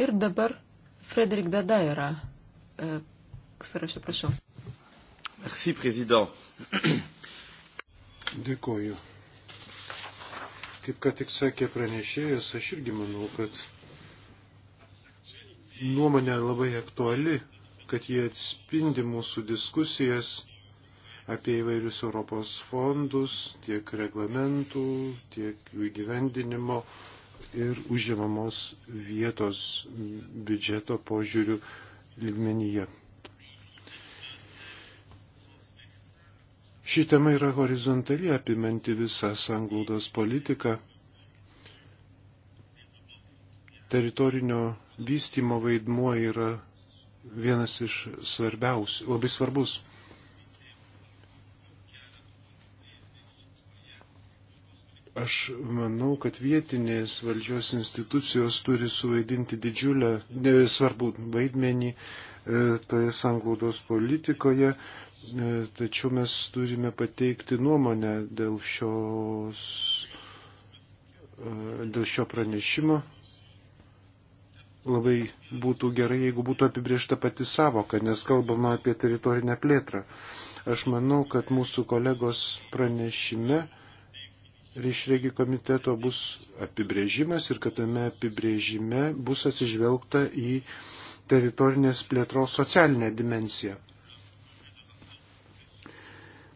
Ir dabar Frederik Dada yra. E, Sarašė, prašau. Merci, prezident. Dėkoju. Kaip ką tik sakė pranešėjas, aš irgi manau, kad nuomonė labai aktuali kad jie atspindi mūsų diskusijas apie įvairius Europos fondus, tiek reglamentų, tiek jų įgyvendinimo ir užimamos vietos biudžeto požiūrių lygmenyje. Ši tema yra horizontaliai apimanti visą sanglaudos politiką. Teritorinio vystimo vaidmuo yra vienas iš svarbiausių, labai svarbus. Aš manau, kad vietinės valdžios institucijos turi suvaidinti didžiulę, ne, svarbų vaidmenį e, toje sanglaudos politikoje, e, tačiau mes turime pateikti nuomonę dėl, šios, e, dėl šio pranešimo labai būtų gerai, jeigu būtų apibriešta pati savoka, nes kalbama apie teritorinę plėtrą. Aš manau, kad mūsų kolegos pranešime ryšregi komiteto bus apibrėžimas ir kad tame apibrėžime bus atsižvelgta į teritorinės plėtros socialinę dimensiją.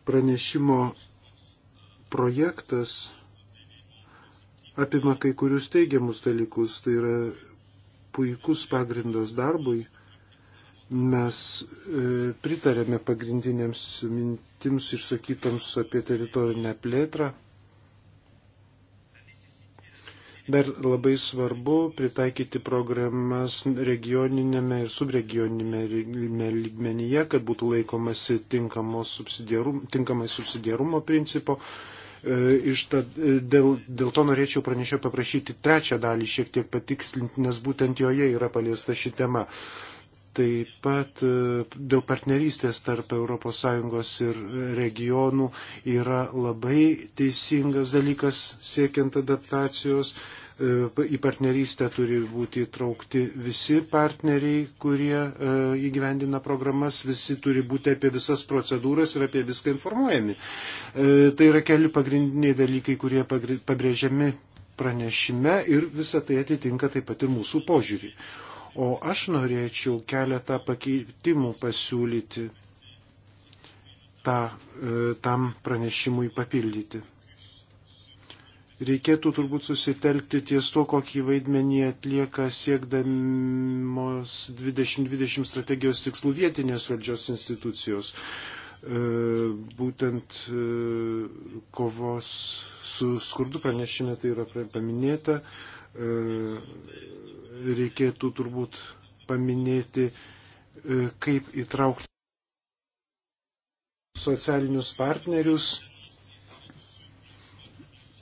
Pranešimo projektas apima kai kurius teigiamus dalykus, tai yra puikus pagrindas darbui. Mes e, pritarėme pagrindinėms mintims išsakytoms apie teritorinę plėtrą. Dar labai svarbu pritaikyti programas regioninėme ir subregioninėme lygmenyje, kad būtų laikomasi tinkamai subsidiarumo principo E, Išta, e, dėl, dėl to norėčiau pranešio paprašyti trečią dalį šiek tiek patikslinti, nes būtent joje yra paliesta ši tema. Taip pat e, dėl partnerystės tarp ES ir regionų yra labai teisingas dalykas siekiant adaptacijos. E, į partnerystę turi būti įtraukti visi partneriai, kurie e, įgyvendina programas, visi turi būti apie visas procedūras ir apie viską informuojami. E, tai yra keli pagrindiniai dalykai, kurie pabrėžiami pranešime ir visa tai atitinka taip pat ir mūsų požiūrį. O aš norėčiau keletą pakeitimų pasiūlyti tą, tam pranešimui papildyti reikėtų turbūt susitelkti ties to, kokį vaidmenį atlieka siekdamos 2020 strategijos tikslų vietinės valdžios institucijos. E, būtent e, kovos su skurdu pranešime tai yra paminėta. E, reikėtų turbūt paminėti, kaip įtraukti socialinius partnerius,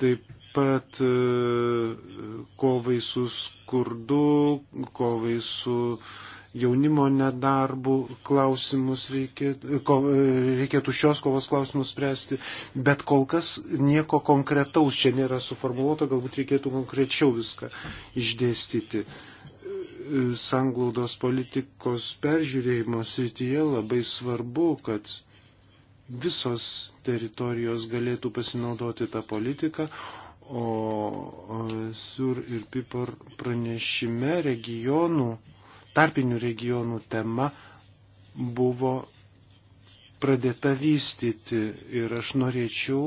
taip pat e, kovai su skurdu, kovai su jaunimo nedarbu klausimus reikėtų, ko, e, reikėtų šios kovos klausimus spręsti, bet kol kas nieko konkretaus čia nėra suformuoluota, galbūt reikėtų konkrečiau viską išdėstyti. E, sanglaudos politikos peržiūrėjimo srityje labai svarbu, kad visos teritorijos galėtų pasinaudoti tą politiką, O Sur ir Pipar pranešime regionų, tarpinių regionų tema buvo pradėta vystyti ir aš norėčiau,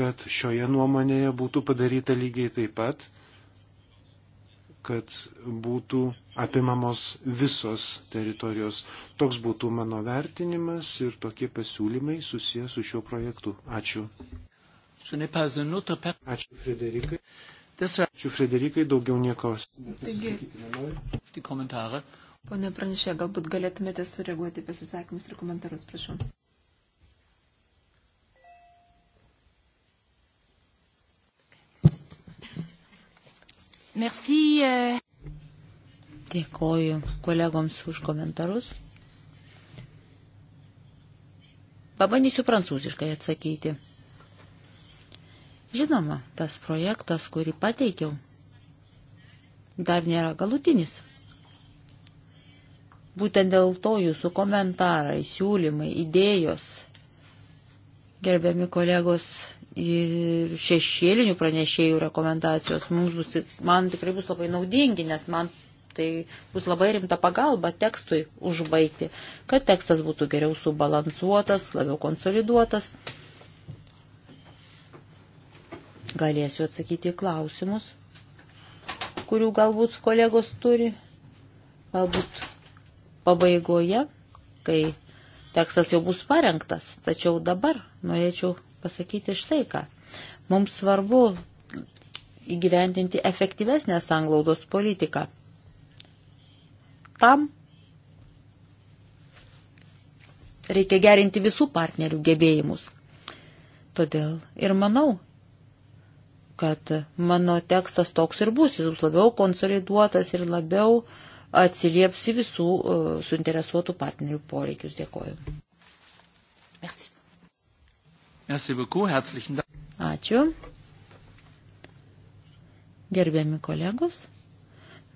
kad šioje nuomonėje būtų padaryta lygiai taip pat, kad būtų apimamos visos teritorijos. Toks būtų mano vertinimas ir tokie pasiūlymai susijęs su šiuo projektu. Ačiū. Ačiū Frederikai. Ačiū Frederikai, daugiau niekos. Taigi, Pone pranešė, galbūt galėtumėte sureaguoti pasisakymus ir komentarus, prašau. Merci. Euh. Dėkoju kolegoms už komentarus. Pabandysiu prancūziškai atsakyti. Žinoma, tas projektas, kurį pateikiau, dar nėra galutinis. Būtent dėl to jūsų komentarai, siūlymai, idėjos, gerbiami kolegos ir šešėlinių pranešėjų rekomendacijos, bus, man tikrai bus labai naudingi, nes man tai bus labai rimta pagalba tekstui užbaigti, kad tekstas būtų geriau subalansuotas, labiau konsoliduotas. Galėsiu atsakyti klausimus, kurių galbūt kolegos turi, galbūt pabaigoje, kai tekstas jau bus parengtas. Tačiau dabar norėčiau pasakyti štai ką. Mums svarbu įgyvendinti efektyvesnę sanglaudos politiką. Tam reikia gerinti visų partnerių gebėjimus. Todėl ir manau, kad mano tekstas toks ir bus, jis bus labiau konsoliduotas ir labiau atsilieps į visų uh, suinteresuotų partnerių poreikius. Dėkoju. Merci. Merci beaucoup, herzlichen Dank. Ačiū. Gerbiami kolegos,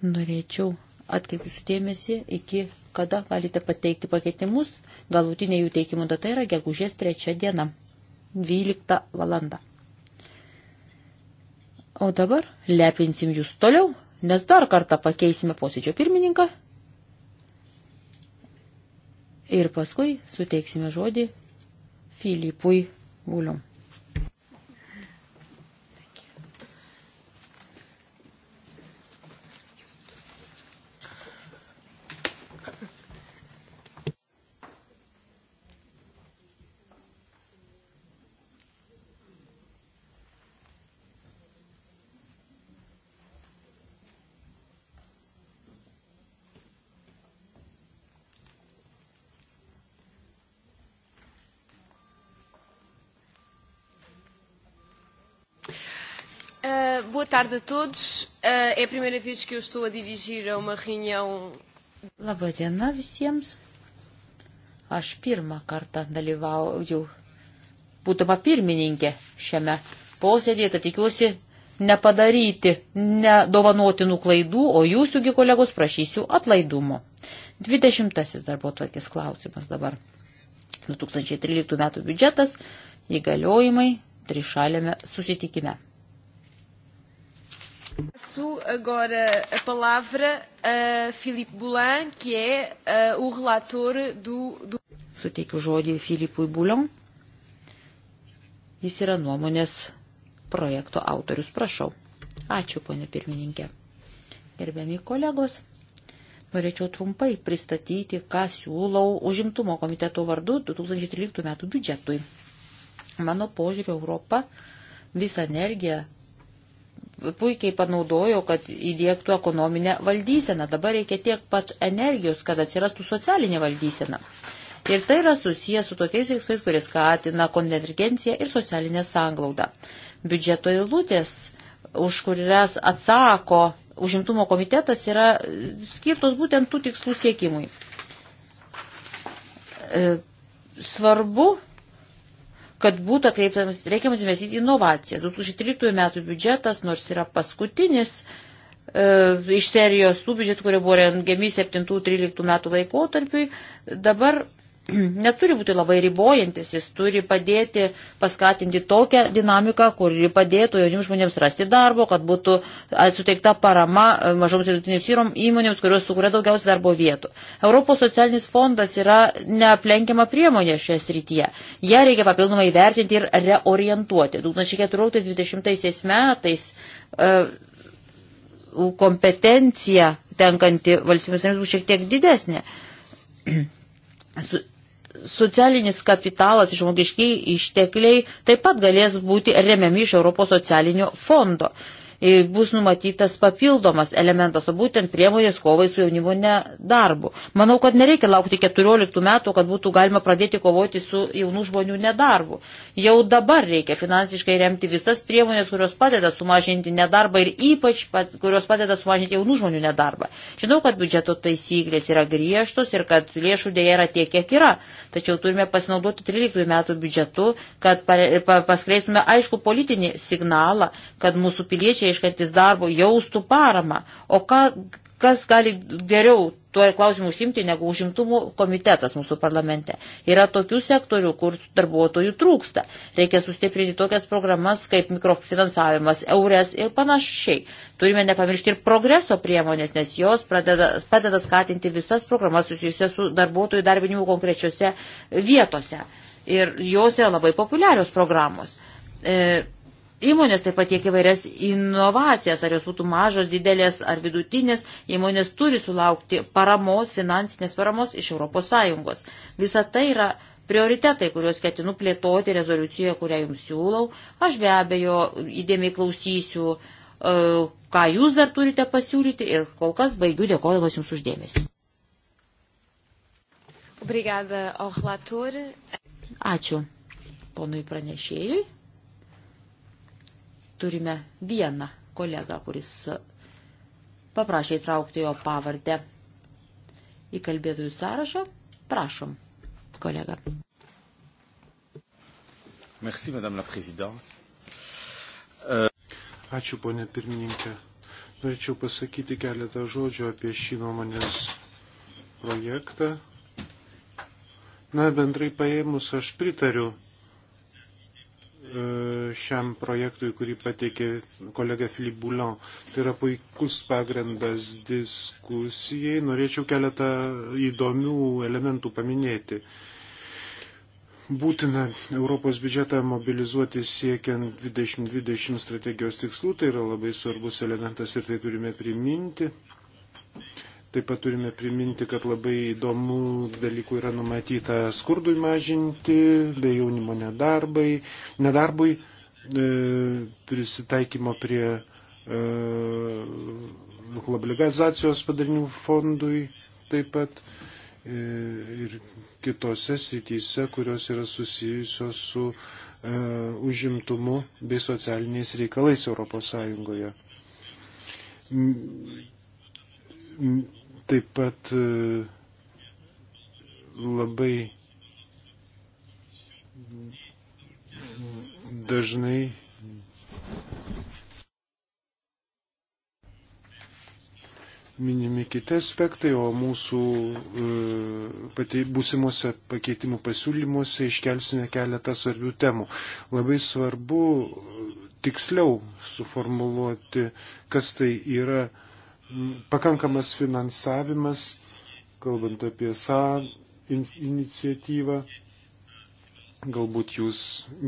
norėčiau atkreipti sudėmėsi, iki kada galite pateikti pakeitimus. Galutinė jų teikimo data yra gegužės 3 diena, 12 valanda. O dabar lepinsim jūs toliau, nes dar kartą pakeisime posėdžio pirmininką ir paskui suteiksime žodį Filipui Gulium. tarde a todos. Uh, é a primeira vez que eu estou a dirigir a uma reunião. Labą dieną visiems. Aš pirmą kartą dalyvauju, būdama pirmininkė šiame posėdėje, tad tikiuosi nepadaryti nedovanotinų klaidų, o jūsųgi kolegos prašysiu atlaidumo. 20 darbo tvarkės klausimas dabar. 2013 metų biudžetas, įgaliojimai trišalėme susitikime. Su agora a palavra a Filipe Boulan, que é a, o relator do, do... Suteikiu žodį Filipui Boulan. Jis e yra nuomonės projekto autorius. Prašau. Ačiū, ponė pirmininkė. Gerbiami kolegos, norėčiau trumpai pristatyti, ką siūlau užimtumo komiteto vardu 2013 metų biudžetui. Mano požiūriu, Europa visą energiją puikiai panaudojo, kad įdėktų ekonominę valdyseną. Dabar reikia tiek pat energijos, kad atsirastų socialinė valdysena. Ir tai yra susijęs su tokiais veiksmais, kurie skatina konvergenciją ir socialinę sanglaudą. Biudžeto eilutės, už kurias atsako užimtumo komitetas, yra skirtos būtent tų tikslų siekimui. E, svarbu kad būtų atkreiptas reikiamas dėmesys į inovacijas. 2013 metų biudžetas, nors yra paskutinis e, iš serijos tų biudžetų, kurie buvo rengiami 7-13 metų laikotarpiui, dabar [clears throat] neturi būti labai ribojantis, jis turi padėti paskatinti tokią dinamiką, kuri padėtų jauniems žmonėms rasti darbo, kad būtų suteikta parama e, mažoms ir vidutinėms įmonėms, kurios sukuria daugiausiai darbo vietų. Europos socialinis fondas yra neaplenkiama priemonė šioje srityje. Ja reikia papildomai vertinti ir reorientuoti. 2014-2020 metais e, kompetencija tenkanti valstybės narėms bus šiek tiek didesnė. [clears throat] socialinis kapitalas, žmogiškiai ištekliai taip pat galės būti remiami iš Europos socialinio fondo bus numatytas papildomas elementas, o būtent priemonės kovai su jaunimo nedarbu. Manau, kad nereikia laukti 14 metų, kad būtų galima pradėti kovoti su jaunų žmonių nedarbu. Jau dabar reikia finansiškai remti visas priemonės, kurios padeda sumažinti nedarbą ir ypač kurios padeda sumažinti jaunų žmonių nedarbą. Žinau, kad biudžeto taisyklės yra griežtos ir kad lėšų dėja yra tiek, kiek yra, tačiau turime pasinaudoti 13 metų biudžetu, kad paskleistume aišku politinį signalą, kad mūsų piliečiai čia iškantis darbo jaustų paramą. O ką, kas gali geriau tuo klausimu užsimti negu užimtumo komitetas mūsų parlamente. Yra tokių sektorių, kur darbuotojų trūksta. Reikia sustiprinti tokias programas kaip mikrofinansavimas, eures ir panašiai. Turime nepamiršti ir progreso priemonės, nes jos pradeda, padeda skatinti visas programas susijusias su darbuotojų darbinimu konkrečiose vietose. Ir jos yra labai populiarios programos. E, Įmonės taip pat tiek įvairias inovacijas, ar jos būtų mažos, didelės ar vidutinės, įmonės turi sulaukti paramos, finansinės paramos iš ES. Visa tai yra prioritetai, kuriuos ketinu plėtoti rezoliucijoje, kurią jums siūlau. Aš be abejo įdėmiai klausysiu, e, ką jūs dar turite pasiūlyti ir kol kas baigiu dėkodamas jums uždėmesi. Obrigada ao relator. Ačiū ponui pranešėjui turime vieną kolegą, kuris paprašė įtraukti jo pavardę į kalbėtojų sąrašą. Prašom, kolega. Merci, madame la présidente. Ačiū, ponė pirmininkė. Norėčiau pasakyti keletą žodžių apie šį nuomonės projektą. Na, bendrai paėmus, aš pritariu E, šiam projektui, kurį pateikė kolega Filip Bulan. Tai yra puikus pagrindas diskusijai. Norėčiau keletą įdomių elementų paminėti. Būtina Europos biudžetą mobilizuoti siekiant 2020 strategijos tikslų, tai yra labai svarbus elementas ir tai turime priminti. Taip pat turime priminti, kad labai įdomų dalykų yra numatyta skurdui mažinti, be jaunimo nedarbai, nedarbui, e, prisitaikymo prie e, globalizacijos padarinių fondui taip pat e, ir kitose srityse, kurios yra susijusios su e, užimtumu bei socialiniais reikalais Europos Sąjungoje. M, m, Taip pat e, labai dažnai minimi kiti aspektai, o mūsų e, būsimuose pakeitimų pasiūlymuose iškelsime keletą svarbių temų. Labai svarbu tiksliau suformuluoti, kas tai yra e, pakankamas finansavimas, kalbant apie SA in iniciatyvą. Galbūt jūs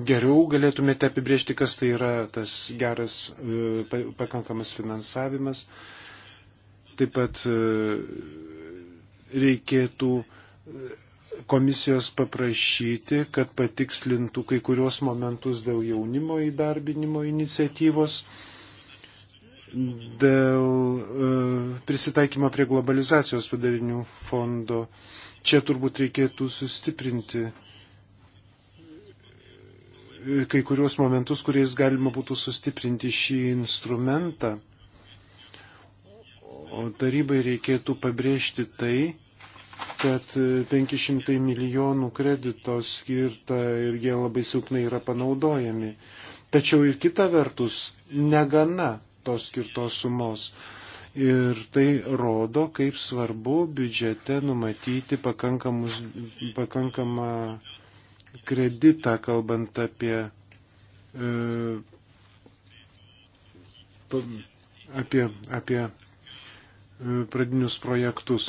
geriau galėtumėte apibriežti, kas tai yra tas geras, e, pakankamas finansavimas. Taip pat e, reikėtų e, komisijos paprašyti, kad patikslintų kai kurios momentus dėl jaunimo įdarbinimo iniciatyvos dėl e, prisitaikymo prie globalizacijos padarinių fondo. Čia turbūt reikėtų sustiprinti e, kai kuriuos momentus, kuriais galima būtų sustiprinti šį instrumentą. O tarybai reikėtų pabrėžti tai, kad 500 e, milijonų kredito skirta ir jie labai silpnai yra panaudojami. Tačiau ir kita vertus, negana tos skirtos sumos. Ir tai rodo, kaip svarbu biudžete numatyti pakankamą kreditą, kalbant apie, e, apie, apie e, pradinius projektus.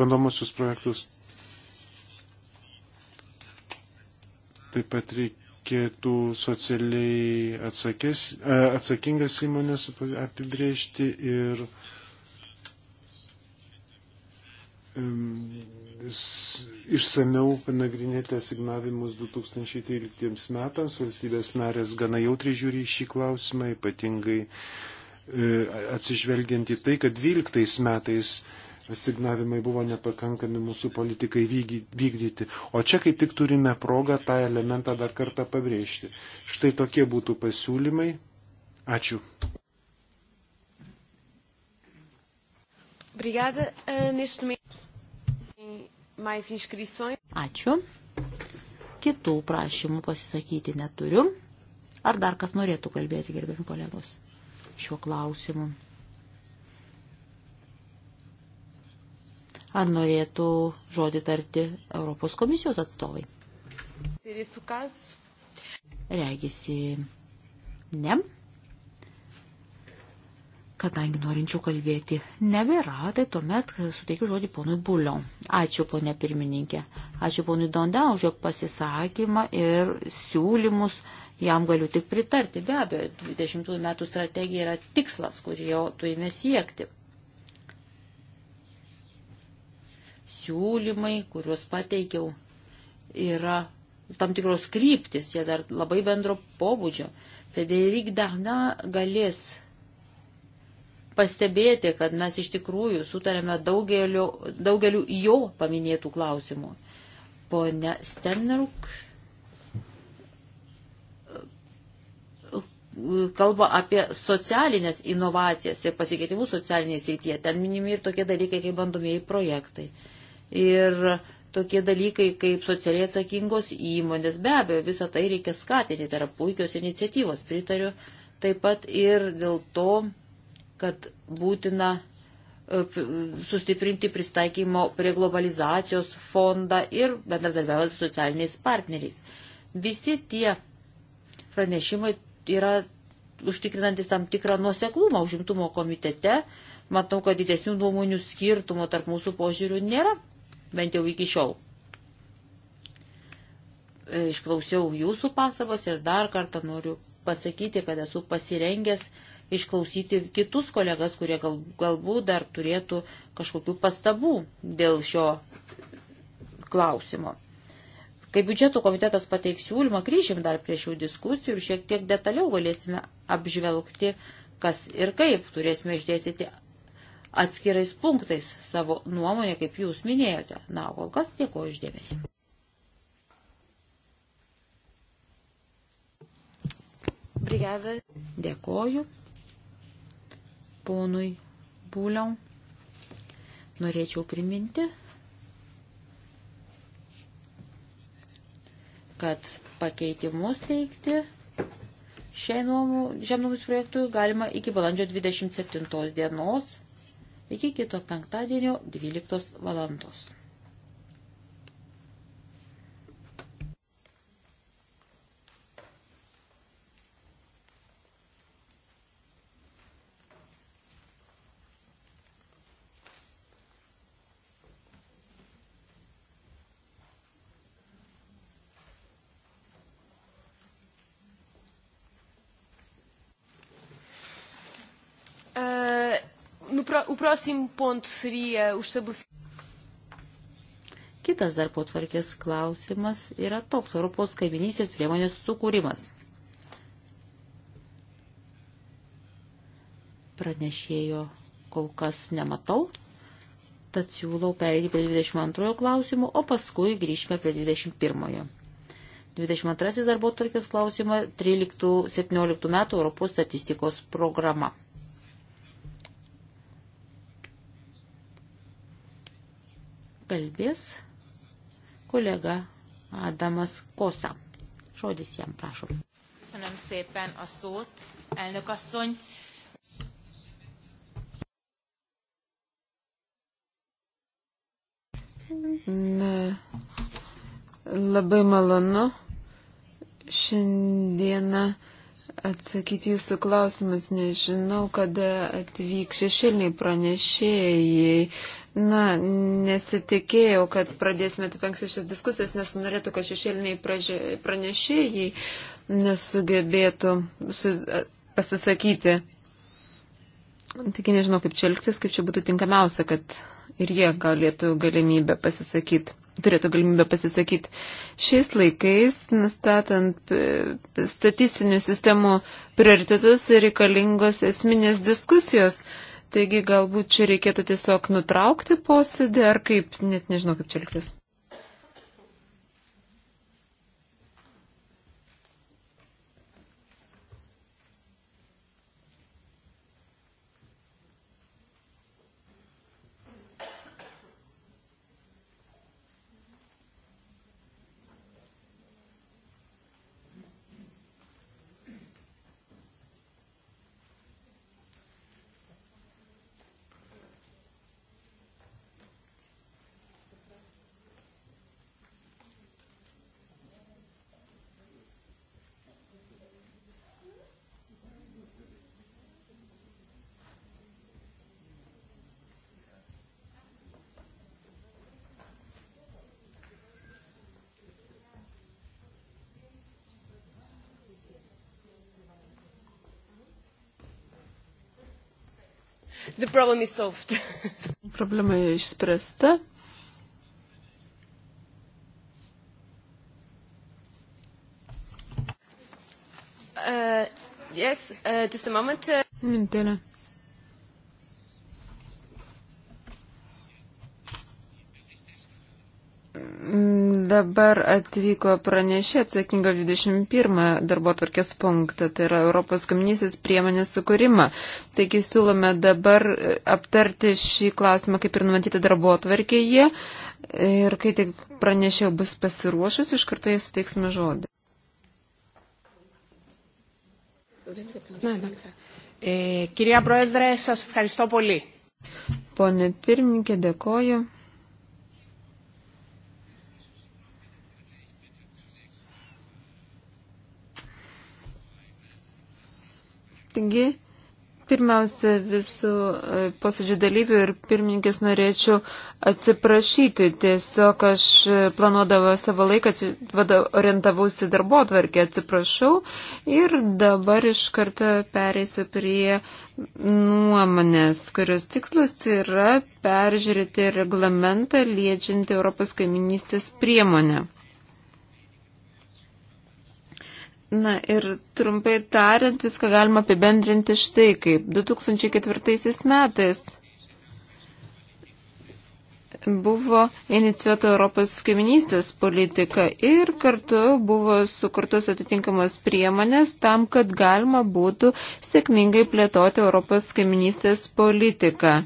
Bandomosius projektus. Taip pat reikia reikėtų socialiai atsakės, e, atsakingas įmonės apibriežti ir išsameu panagrinėti asignavimus 2013 metams. Valstybės narės gana jautriai žiūri į šį klausimą, ypatingai e, atsižvelgiant į tai, kad 12 metais asignavimai buvo nepakankami mūsų politikai vykdyti. O čia kaip tik turime progą tą elementą dar kartą pabrėžti. Štai tokie būtų pasiūlymai. Ačiū. Obrigada. Eh, neste momento mais inscrições. Ačiū. Kitų prašymų pasisakyti neturiu. Ar dar kas norėtų kalbėti, gerbiami kolegos, šiuo klausimu? Ar norėtų žodį tarti Europos komisijos atstovai? Regisi ne. Kadangi norinčių kalbėti nebėra, tai tuomet suteikiu žodį ponui Buliau. Ačiū ponė pirmininkė. Ačiū ponui Dondau už jo pasisakymą ir siūlymus jam galiu tik pritarti. Be abejo, 20 metų strategija yra tikslas, kurį jau turime siekti. pasiūlymai, kuriuos pateikiau, yra tam tikros kryptis, jie dar labai bendro pobūdžio. Federik Dahna galės pastebėti, kad mes iš tikrųjų sutarėme daugeliu, daugeliu jo paminėtų klausimų. Pone Stenruk kalba apie socialinės inovacijas ir pasikeitimus socialinės rytyje. Ten minimi ir tokie dalykai, kaip bandomieji projektai. Uh, Ir tokie dalykai kaip socialiai atsakingos įmonės, be abejo, visą tai reikia skatinti, tai yra puikios iniciatyvos, pritariu. Taip pat ir dėl to, kad būtina e, sustiprinti pristaikymo prie globalizacijos fondą ir bendradarbiavimą su socialiniais partneriais. Visi tie pranešimai yra užtikrinantis tam tikrą nuoseklumą užimtumo komitete. Matau, kad didesnių nuomonių skirtumų tarp mūsų požiūrių nėra bent jau iki šiol. Išklausiau jūsų pasavas ir dar kartą noriu pasakyti, kad esu pasirengęs išklausyti kitus kolegas, kurie gal, galbūt dar turėtų kažkokių pastabų dėl šio klausimo. Kai biudžeto komitetas pateiks siūlymą, grįžim dar prie šių diskusijų ir šiek tiek detaliau galėsime apžvelgti, kas ir kaip turėsime išdėstyti atskirais punktais savo nuomonę, kaip jūs minėjote. Na, kol kas dėkuoju išdėmesi. Brigada. Dėkoju ponui Būliau. Norėčiau priminti, kad pakeitimus teikti šiai nuomus projektui galima iki balandžio 27 dienos iki kito penktadienio 12 valandos. próximo ponto seria o estabelecimento. Kitas darbo tvarkės klausimas yra toks Europos kaiminystės priemonės sukūrimas. Pranešėjo kol kas nematau, tad siūlau pereiti prie 22 klausimų, o paskui grįžime prie 21. 22 darbo tvarkės klausimą 13-17 metų Europos statistikos programa. kalbės kolega Adamas Kosa. Žodis jam, prašom. Köszönöm szépen a szót, elnök asszony. Na, labai malonu šiandieną atsakyti jūsų klausimus. Nežinau, kada atvyks šešėliniai pranešėjai Na, nesitikėjau, kad pradėsime taip anksti šias diskusijas, nes norėtų, kad šešėliniai pranešėjai nesugebėtų su, pasisakyti. Tik nežinau, kaip čia elgtis, kaip čia būtų tinkamiausia, kad ir jie galėtų galimybę pasisakyti, turėtų galimybę pasisakyti. Šiais laikais, nustatant e, statistinių sistemų prioritetus, reikalingos esminės diskusijos Taigi galbūt čia reikėtų tiesiog nutraukti posėdį ar kaip, net nežinau kaip čia elgtis. The problem is solved. [laughs] Problema išspręsta. Uh, yes, uh, just a moment. Uh. Mintelė. Dabar atvyko pranešė atsakinga 21 darbo tvarkės punktą, tai yra Europos kaminysis priemonės sukūrimą. Taigi siūlome dabar aptarti šį klausimą, kaip ir numatyti darbo tvarkėje. Ir kai tik pranešė bus pasiruošęs, iš karto jai suteiksime žodį. E, κυρία Πρόεδρε, σας ευχαριστώ πολύ. Πονε πύρμνικε, δεκόju. Taigi, pirmiausia, visų e, posėdžių dalyvių ir pirmininkės norėčiau atsiprašyti. Tiesiog aš e, planuodavau savo laiką, orientavausi darbo atvarkį, atsiprašau. Ir dabar iš karto pereisiu prie nuomonės, kurios tikslas yra peržiūrėti reglamentą liečiant Europos kaiminystės priemonę. Na ir trumpai tariant, viską galima apibendrinti štai kaip. 2004 metais buvo inicijuota Europos kaiminystės politika ir kartu buvo sukurtos atitinkamos priemonės tam, kad galima būtų sėkmingai plėtoti Europos kaiminystės politiką.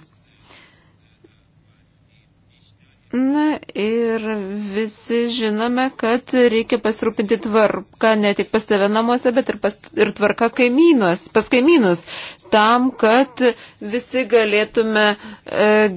Na ir visi žinome, kad reikia pasirūpinti tvarką ne tik pas save namuose, bet ir, pas, ir tvarką kaimynos, pas kaimynus, tam, kad visi galėtume e,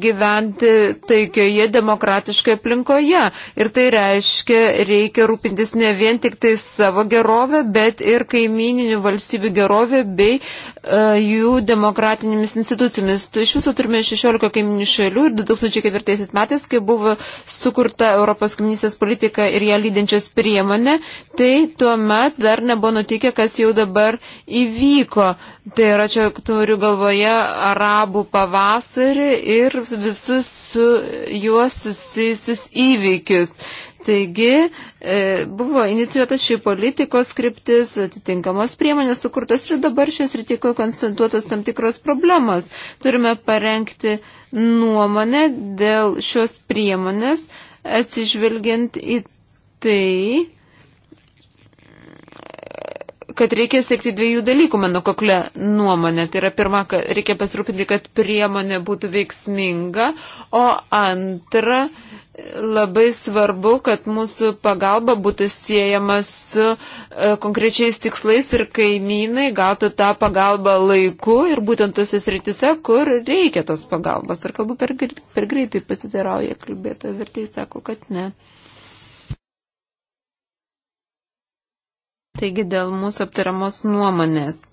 gyventi taikioje demokratiškoje aplinkoje. Ir tai reiškia, reikia rūpintis ne vien tik tai savo gerovę, bet ir kaimininių valstybių gerovę bei E, jų demokratinėmis institucijomis. Tu iš viso turime 16 kaiminių šalių ir 2004 metais, kai buvo sukurta Europos kaiminysės politika ir ją lydinčios priemonė, tai tuo met dar nebuvo nutikę, kas jau dabar įvyko. Tai yra čia turiu galvoje arabų pavasarį ir visus su juos susijusius įvykius. Taigi e, buvo inicijuota šį politikos skriptis, atitinkamos priemonės sukurtos ir dabar šios rytikoje konstantuotos tam tikros problemos. Turime parengti nuomonę dėl šios priemonės, atsižvelgiant į tai, kad reikia siekti dviejų dalykų, mano koklė nuomonė. Tai yra pirma, kad reikia pasirūpinti, kad priemonė būtų veiksminga, o antra, labai svarbu, kad mūsų pagalba būtų siejama su e, konkrečiais tikslais ir kaimynai gautų tą pagalbą laiku ir būtent tose sritise, kur reikia tos pagalbos. Ar kalbu per, per greitai pasitarauja kalbėtojo vertai, sako, kad ne. Taigi dėl mūsų aptariamos nuomonės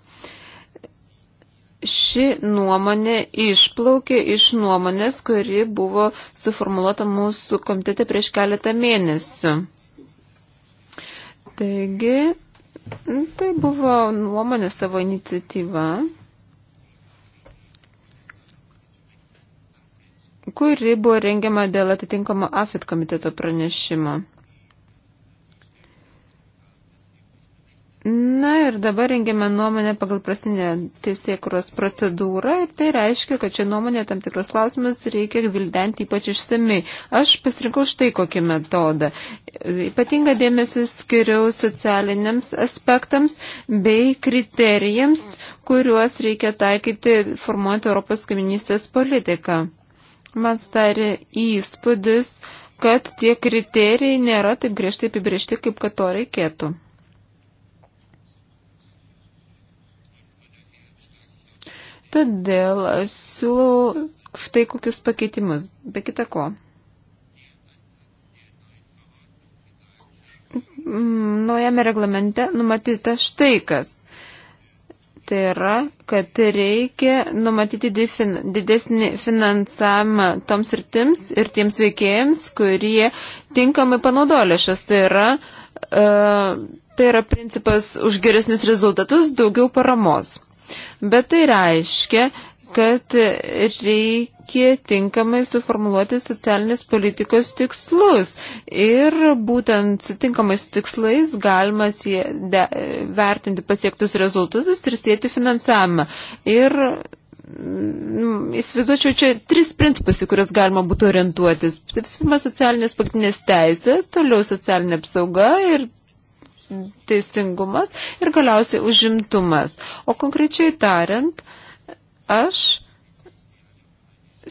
ši nuomonė išplaukė iš nuomonės, kuri buvo suformuoluota mūsų komitete prieš keletą mėnesių. Taigi, tai buvo nuomonė savo iniciatyva, kuri buvo rengiama dėl atitinkamo AFIT komiteto pranešimo. Na ir dabar rengiame nuomonę pagal prasinę teisėkuros procedūrą ir tai reiškia, kad čia nuomonė tam tikros klausimus reikia gvildenti ypač išsamei. Aš pasirinkau štai kokį metodą. Ypatinga dėmesį skiriau socialiniams aspektams bei kriterijams, kuriuos reikia taikyti formuojant Europos kaiminystės politiką. Man starė įspūdis, kad tie kriterijai nėra taip griežtai apibriežti, kaip kad to reikėtų. Todėl aš siūlau štai kokius pakeitimus, be kita ko. Naujame reglamente numatyta štai kas. Tai yra, kad reikia numatyti didesnį finansavimą toms rytims ir tiems veikėjams, kurie tinkamai panaudoja lėšas. Tai yra, uh, tai yra principas už geresnius rezultatus daugiau paramos. Bet tai reiškia, kad reikia tinkamai suformuoluoti socialinės politikos tikslus. Ir būtent su tinkamais tikslais galima sie, de, vertinti pasiektus rezultatus ir sėti finansavimą. Ir mm, įsivaizduočiau čia tris principus, į kurias galima būtų orientuotis. Pirmas socialinės pagrindinės teisės, toliau socialinė apsauga ir teisingumas ir galiausiai užimtumas. O konkrečiai tariant, aš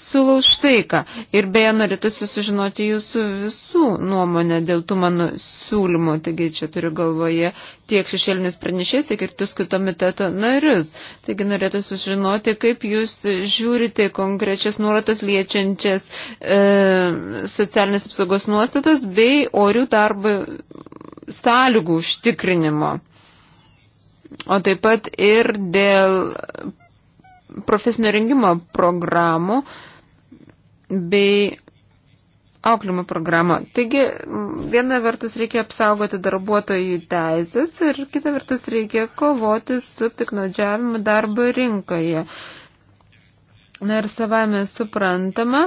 siūlau štai ką. Ir beje, norėtųsi sužinoti jūsų visų nuomonę dėl tų mano siūlymų. Taigi čia turiu galvoje tiek šešėlinis pranešės, tiek ir tus komiteto narius. Taigi norėtųsi sužinoti, kaip jūs žiūrite konkrečias nuoratas liečiančias e, socialinės apsaugos nuostatas bei orių darbo sąlygų užtikrinimo, o taip pat ir dėl profesinio rengimo programų bei auklimo programą. Taigi, viena vertus reikia apsaugoti darbuotojų teisės ir kita vertus reikia kovoti su piknaudžiavimu darbo rinkoje. Na ir savame suprantama,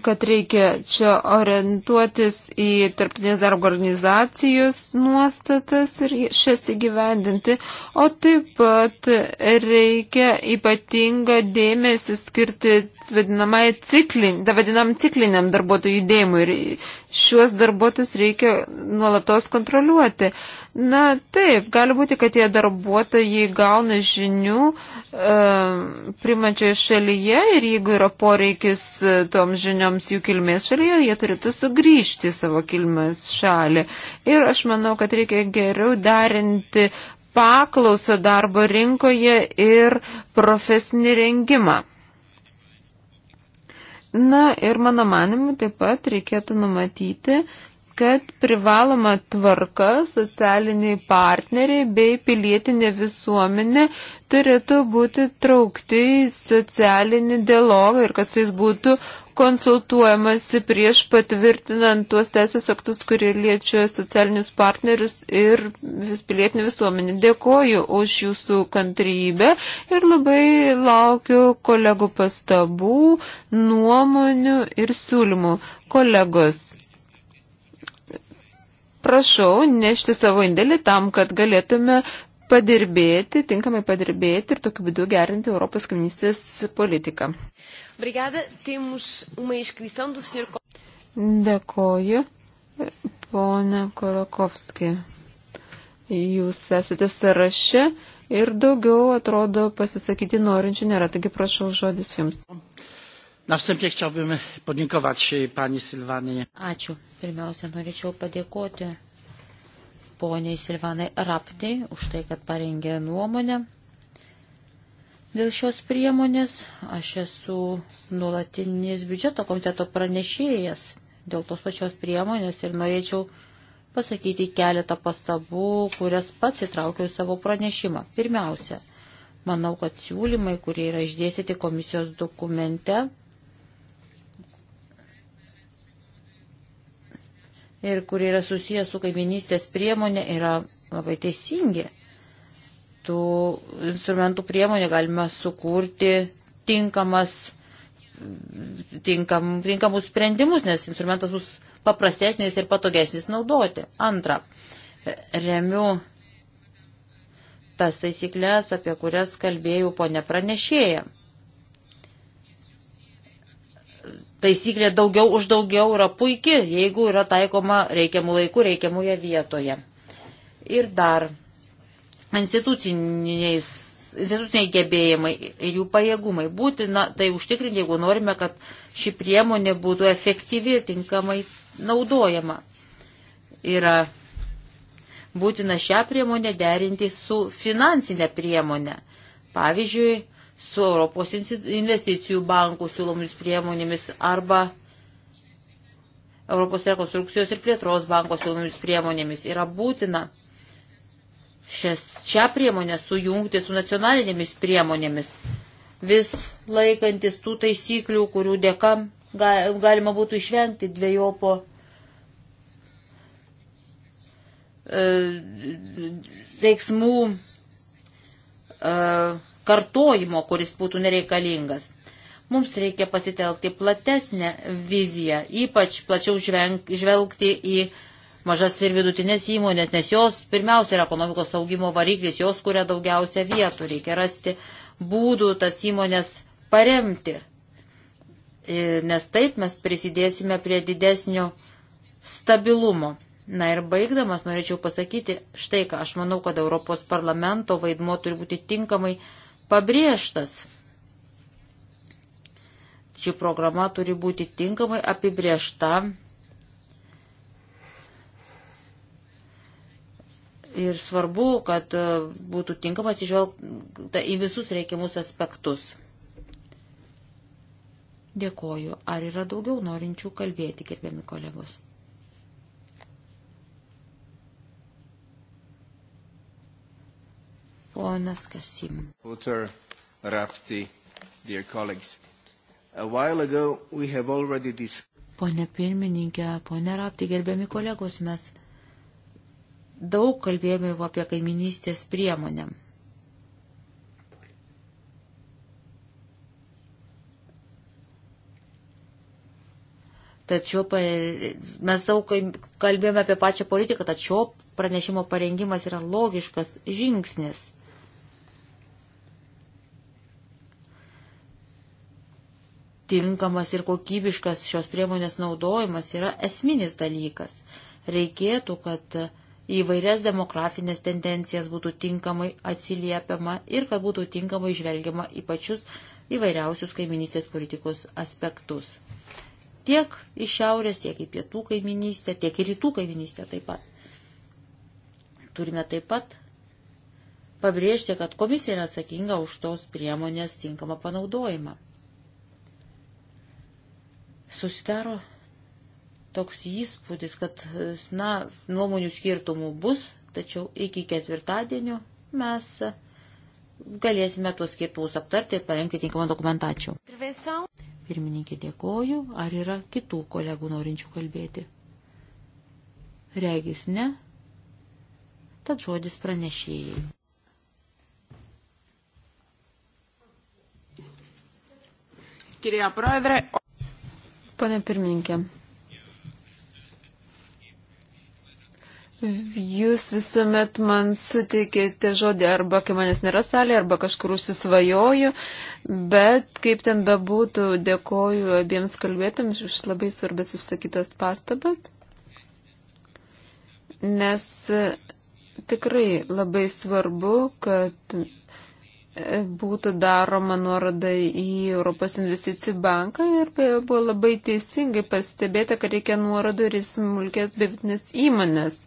kad reikia čia orientuotis į tarptautinės darbo organizacijos nuostatas ir šias įgyvendinti, o taip pat reikia ypatingą dėmesį skirti ciklin, vadinam cikliniam darbuotojų judėjimui ir šiuos darbuotojus reikia nuolatos kontroliuoti. Uh, Na taip, gali būti, kad tie darbuotojai gauna žinių e, primančioje šalyje ir jeigu yra poreikis e, toms žinioms jų kilmės šalyje, jie turėtų sugrįžti į savo kilmės šalį. Ir aš manau, kad reikia geriau derinti paklausą darbo rinkoje ir profesinį rengimą. Na ir mano manimu taip pat reikėtų numatyti, kad privaloma tvarka socialiniai partneriai bei pilietinė visuomenė turėtų būti traukti į socialinį dialogą ir kad su jais būtų konsultuojamasi prieš patvirtinant tuos teisės aktus, kurie liečia socialinius partnerius ir vis pilietinį visuomenį. Dėkoju už jūsų kantrybę ir labai laukiu kolegų pastabų, nuomonių ir siūlymų. Kolegos, prašau nešti savo indėlį tam, kad galėtume padirbėti, tinkamai padirbėti ir tokiu būdu gerinti Europos kaiminystės politiką. Brigada, temos uma inscrição do senhor... Dėkoju, pone Korokovski. Jūs esate sąraše ir daugiau atrodo pasisakyti norinčių nėra, taigi prašau žodis jums. Na wstępie chciałbym podziękować e, pani Silvanai. Ačiū. Pirmiausia, norėčiau padėkoti poniai Silvanai Raptai už tai, kad parengė nuomonę. Dėl šios priemonės aš esu nuolatinis biudžeto komiteto pranešėjas dėl tos pačios priemonės ir norėčiau pasakyti keletą pastabų, kurias pats įtraukiau į savo pranešimą. Pirmiausia, manau, kad siūlymai, kurie yra išdėstyti komisijos dokumente, ir kurie yra susijęs su kaiminystės priemonė, yra labai teisingi. Tų instrumentų priemonė galima sukurti tinkamas, tinkam, tinkamus sprendimus, nes instrumentas bus paprastesnis ir patogesnis naudoti. Antra, remiu tas taisyklės, apie kurias kalbėjau ponė pranešėja. taisyklė daugiau už daugiau yra puiki, jeigu yra taikoma reikiamų laikų, reikiamoje vietoje. Ir dar instituciniai gebėjimai ir jų pajėgumai. Būtina tai užtikrinti, jeigu norime, kad ši priemonė būtų efektyvi ir tinkamai naudojama. Yra būtina šią priemonę derinti su finansinė priemonė. Pavyzdžiui, su Europos investicijų bankų siūlomis priemonėmis arba Europos rekonstrukcijos ir plėtros banko siūlomis priemonėmis. Yra būtina šias, šią priemonę sujungti su nacionalinėmis priemonėmis, vis laikantis tų taisyklių, kurių dėka galima būtų išvengti dviejopo e, veiksmų e, kartojimo, kuris būtų nereikalingas. Mums reikia pasitelkti platesnę viziją, ypač plačiau žvelgti į mažas ir vidutinės įmonės, nes jos pirmiausia yra ekonomikos augimo variklis, jos kuria daugiausia vietų, reikia rasti būdų tas įmonės paremti, e, nes taip mes prisidėsime prie didesnio stabilumo. Na ir baigdamas norėčiau pasakyti štai ką, aš manau, kad Europos parlamento vaidmo turi būti tinkamai pabrėžtas. Ši programa turi būti tinkamai apibriešta ir svarbu, kad e, būtų tinkamai atsižvelgta į visus reikiamus aspektus. Dėkoju. Ar yra daugiau norinčių kalbėti, gerbiami kolegos? Ponas Kasim. Autor, Rapti, dear colleagues. A while ago we have already discussed. Pone pirmininkė, pone Rapti, gerbiami kolegos, mes daug kalbėjome apie kaiminystės priemonę. Tačiau mes daug kalbėjome apie pačią politiką, tačiau pranešimo parengimas yra logiškas žingsnis. tinkamas ir kokybiškas šios priemonės naudojimas yra esminis dalykas. Reikėtų, kad įvairias demografinės tendencijas būtų tinkamai atsiliepiama ir kad būtų tinkamai žvelgiama į pačius įvairiausius kaiminystės politikos aspektus. Tiek iš šiaurės, tiek į pietų kaiminystę, tiek į rytų kaiminystę taip pat. Turime taip pat pabrėžti, kad komisija yra atsakinga už tos priemonės tinkamą panaudojimą. Susidaro toks įspūdis, kad, na, nuomonių skirtumų bus, tačiau iki ketvirtadienio mes galėsime tuos skirtumus aptarti ir parengti tinkamą dokumentačių. Pirmininkė, dėkoju. Ar yra kitų kolegų norinčių kalbėti? Regis ne. Tad žodis pranešėjai. Κυρία Πρόεδρε, Pane pirmininkė, jūs visuomet man suteikėte žodį arba kai manęs nėra salė, arba kažkur užsisvajoju, bet kaip ten bebūtų, dėkoju abiems kalbėtams už labai svarbės išsakytas pastabas, nes tikrai labai svarbu, kad būtų daroma nuorada į Europos investicijų banką ir buvo labai teisingai pastebėta, kad reikia nuorodų ir į smulkės bevitinės įmonės.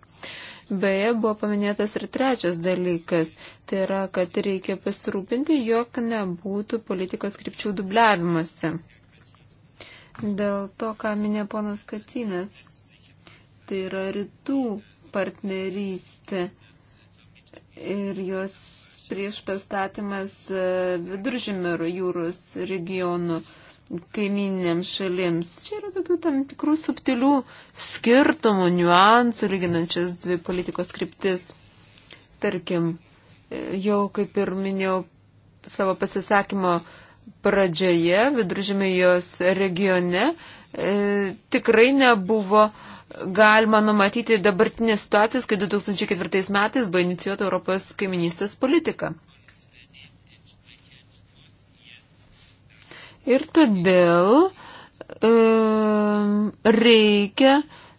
Beje, buvo paminėtas ir trečias dalykas, tai yra, kad reikia pasirūpinti, jog nebūtų politikos krypčių dubliavimuose. Dėl to, ką minė ponas Katinas, tai yra rytų partnerystė ir jos prieš pastatymas e, viduržymio jūros regionų kaiminėms šalims. Čia yra tokių tam tikrų subtilių skirtumų, niuansų, lyginančias dvi politikos kryptis. Tarkim, e, jau kaip ir minėjau savo pasisakymo pradžioje, viduržymio jos regione, e, tikrai nebuvo e, galima numatyti dabartinės situacijas, kai 2004 metais buvo inicijuota Europos kaiminystės politika. Ir todėl e, reikia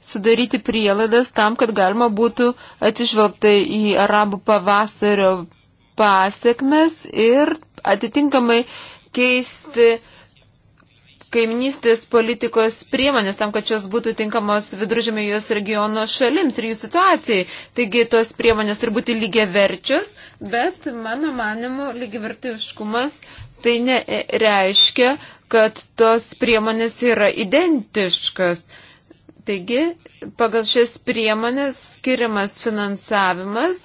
sudaryti prielaidas tam, kad galima būtų atsižvelgta į arabų pavasario pasiekmes ir atitinkamai keisti e, kaiminystės politikos priemonės tam, kad šios būtų tinkamos viduržėmio jos regiono šalims ir jų situacijai. Taigi tos priemonės turi būti lygiai verčios, bet mano manimu lygiai vertiškumas tai nereiškia, kad tos priemonės yra identiškas. Taigi, pagal šias priemonės skiriamas finansavimas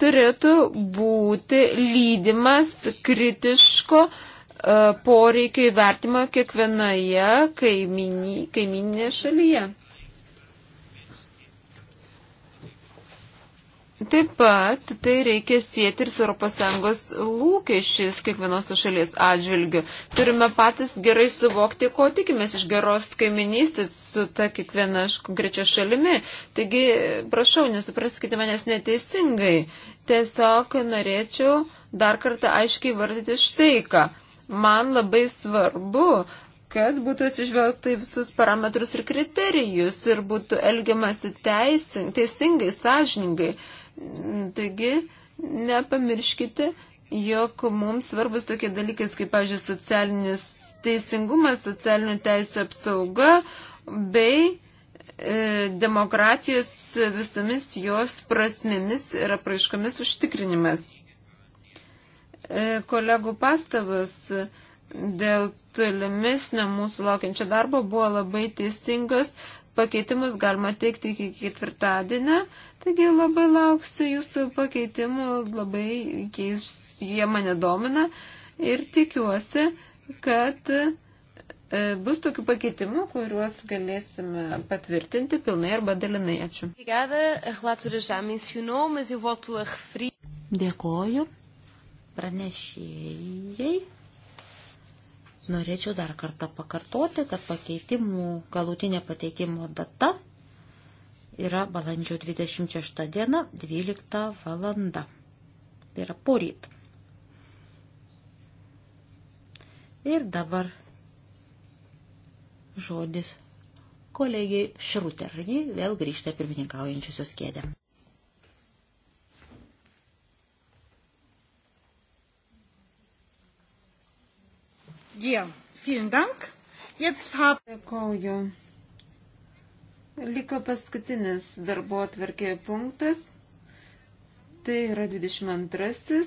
turėtų būti lydimas kritiško uh, E, poreikio įvertimą kiekvienoje kaiminėje šalyje. Taip pat tai reikia sėti ir su ES lūkesčiais kiekvienos šalies atžvilgiu. Turime patys gerai suvokti, ko tikimės iš geros kaiminystės su ta kiekviena konkrečia šalimi. Taigi, prašau, nesupraskite manęs neteisingai. Tiesiog norėčiau dar kartą aiškiai vardyti štai ką man labai svarbu, kad būtų atsižvelgta į visus parametrus ir kriterijus ir būtų elgiamasi teising, teisingai, sąžiningai. Taigi, nepamirškite, jog mums svarbus tokie dalykai, kaip, pavyzdžiui, socialinis teisingumas, socialinių teisų apsauga bei e, demokratijos visomis jos prasmėmis ir apraiškomis užtikrinimas. E, kolegų pastabas dėl tolimesnio mūsų laukiančio darbo buvo labai teisingas. Pakeitimus galima teikti iki ketvirtadienio, taigi labai lauksiu jūsų pakeitimų, labai keis, jie mane domina ir tikiuosi, kad e, bus tokių pakeitimų, kuriuos galėsime patvirtinti pilnai arba dalinai. Ačiū. Dėkoju pranešėjai. Norėčiau dar kartą pakartoti, kad pakeitimų galutinė pateikimo data yra balandžio 26 diena, 12 valanda. Tai yra poryt. Ir dabar žodis kolegijai Šruter. Ji vėl grįžta pirmininkaujančiosios kėdė. Ja, vielen Dank. Jetzt hab... Dėkoju. Liko paskutinis darbo atverkė punktas. Tai yra 22.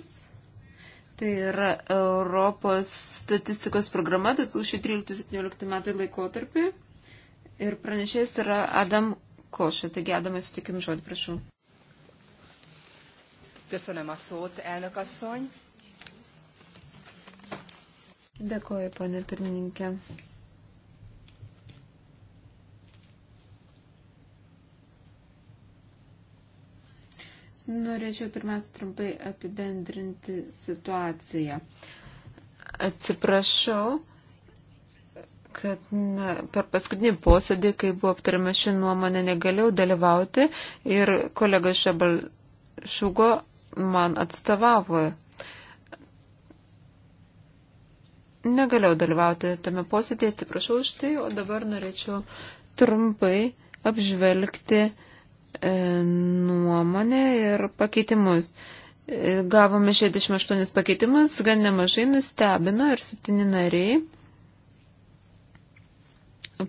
Tai yra Europos statistikos programa 2013-2017 metai laikotarpį. Ir pranešėjas yra Adam Koša. Taigi, Adamai, sutikim žodį, prašau. Köszönöm a szót, elnök asszony. Dėkoju, ponė pirmininkė. Norėčiau pirmiausia trumpai apibendrinti situaciją. Atsiprašau, kad na, per paskutinį posėdį, kai buvo aptariama ši nuomonė, negalėjau dalyvauti ir kolega Šabal Šugo man atstovavo negalėjau dalyvauti tame posėdėje, atsiprašau už tai, o dabar norėčiau trumpai apžvelgti e, nuomonę ir pakeitimus. E, gavome 68 pakeitimus, gan nemažai nustebino ir septyni nariai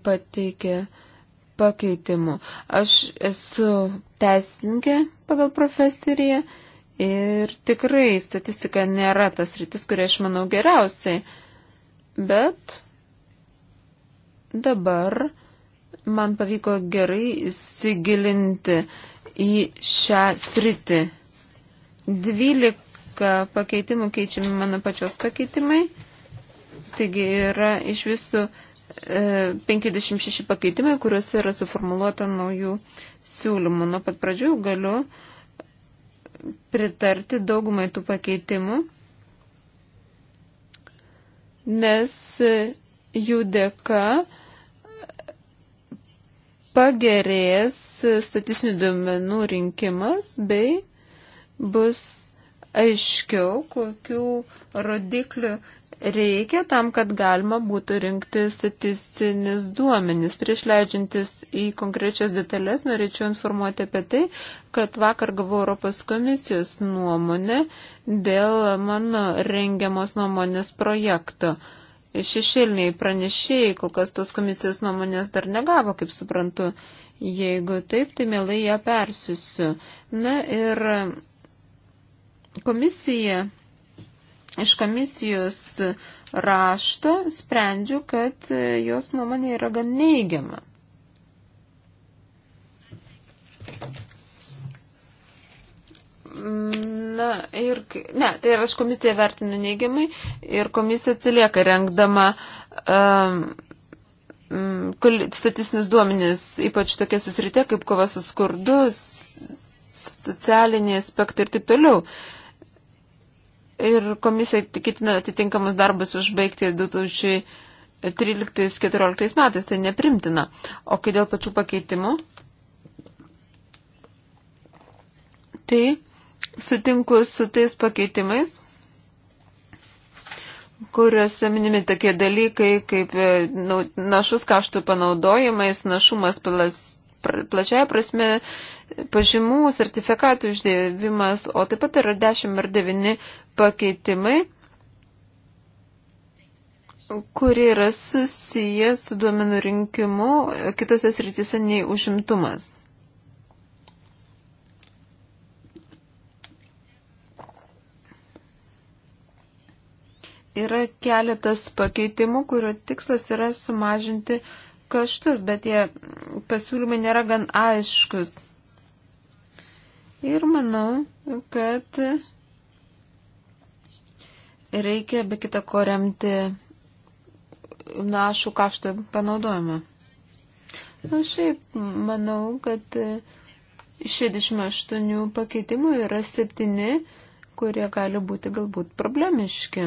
pateikė pakeitimų. Aš esu teisininkė pagal profesoriją ir tikrai statistika nėra tas rytis, kurią aš manau geriausiai. E, bet dabar man pavyko gerai įsigilinti į šią sritį. 12 pakeitimų keičiami mano pačios pakeitimai, taigi yra iš visų 56 e, pakeitimai, kuriuose yra suformuoluota naujų siūlymų. Nuo pat pradžių galiu pritarti daugumai tų pakeitimų, nes jų dėka pagerės statistinių duomenų rinkimas bei bus aiškiau, kokių rodiklių reikia tam, kad galima būtų rinkti statistinis duomenis. Prieš leidžiantis į konkrečias detalės norėčiau informuoti apie tai, kad vakar gavau Europos komisijos nuomonę dėl mano rengiamos nuomonės projekto. Šešėliniai pranešėjai, kol kas tos komisijos nuomonės dar negavo, kaip suprantu. Jeigu taip, tai mielai ją persiusiu. Na ir komisija Iš komisijos rašto sprendžiu, kad jos nuomonė yra gan neigiama. Na ir, ne, tai aš komisiją vertinu neigiamai ir komisija atsilieka rengdama um, mm, statistinius duomenis, ypač tokia susritė kaip kova su skurdu, socialiniai aspektai ir taip toliau. Uh, ir komisija tikitina atitinkamus darbus užbaigti 2013-2014 metais, tai neprimtina. O kai dėl pačių pakeitimų, tai sutinku su tais pakeitimais, kuriuose minimi tokie dalykai kaip e, našus kaštų panaudojimas, našumas plas, plačiaja prasme, pažymų sertifikatų išdėvimas, o taip pat yra 10 ar 9 pakeitimai, kurie yra susiję su duomenų rinkimu kitose srityse nei užimtumas. Yra keletas pakeitimų, kurio tikslas yra sumažinti kaštus, bet tie pasiūlymai nėra gan aiškus. Ir manau, kad reikia be kita ko remti našų kaštų panaudojimą. Na šiaip, manau, kad 68 pakeitimų yra 7, kurie gali būti galbūt problemiški.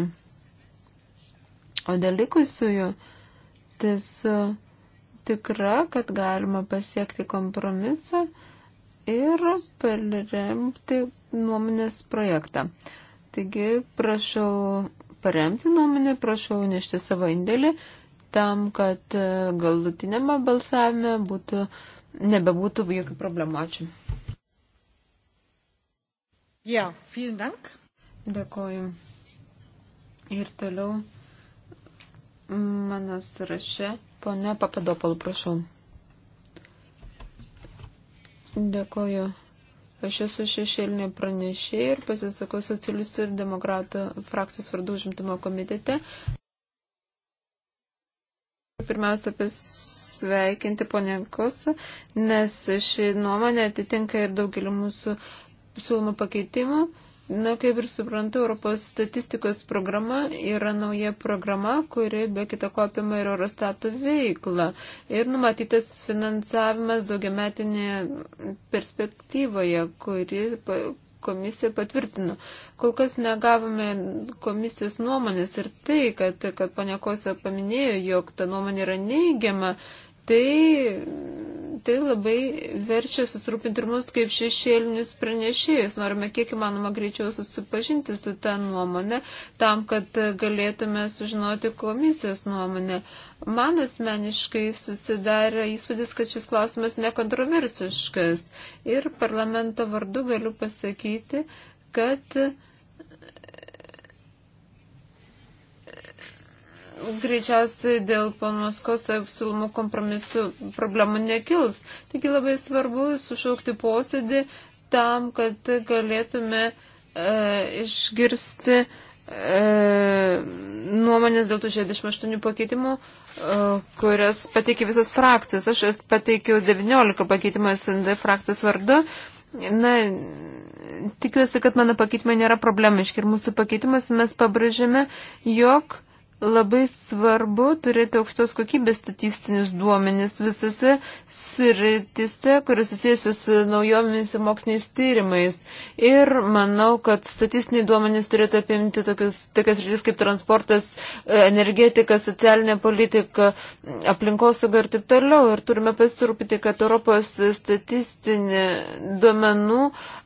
O dėl likusiųjų, tiesiog tikra, kad galima pasiekti kompromisą ir paremti nuomonės projektą. Taigi prašau paremti nuomonę, prašau nešti savo indėlį tam, kad e, galutinėme balsavime būtų, nebebūtų jokių problemų. Ačiū. Ja, vielen Dank. Dėkoju. Ir toliau mm, mano sąraše, ponia Papadopal, prašau. Dėkoju. Aš esu šešėlinė pranešėja ir pasisakau socialistų ir demokratų frakcijos vardų užimtumo komitete. Pirmiausia, pasveikinti ponenkus, nes ši nuomonė atitinka ir daugelį mūsų siūlomų pakeitimų. Na, kaip ir suprantu, Europos statistikos programa yra nauja programa, kuri be kita ko apima ir Eurostato veiklą. Ir numatytas finansavimas daugiametinėje perspektyvoje, kuri komisija patvirtino. Kol kas negavome komisijos nuomonės ir tai, kad, kad panekosa paminėjo, jog ta nuomonė yra neigiama, tai tai labai verčia susirūpinti ir mus kaip šešėlinius pranešėjus. Norime kiek įmanoma greičiau susipažinti su tą nuomonę, tam, kad galėtume sužinoti komisijos nuomonę. Man asmeniškai susidarė įspūdis, kad šis klausimas nekontroversiškas. Ir parlamento vardu galiu pasakyti, kad greičiausiai dėl ponos Kosa siūlomų kompromisų problemų nekils. Taigi labai svarbu sušaukti posėdį tam, kad galėtume e, išgirsti e, nuomonės dėl tų 68 pakeitimų, e, kurias pateikė visas frakcijas. Aš pateikiau 19 pakeitimų SND frakcijos vardu. Na, tikiuosi, kad mano pakeitimai nėra problemiški ir mūsų pakeitimas mes pabrėžėme, jog e, Labai svarbu turėti aukštos kokybės statistinius duomenis visose sritise, kuris susijęs su naujomis moksliniais tyrimais. Ir manau, kad statistiniai duomenys turėtų apimti tokias, tokias rytis kaip transportas, e, energetika, socialinė politika, aplinkosauga ir taip toliau. Ir turime pasirūpinti, kad Europos statistinė duomenų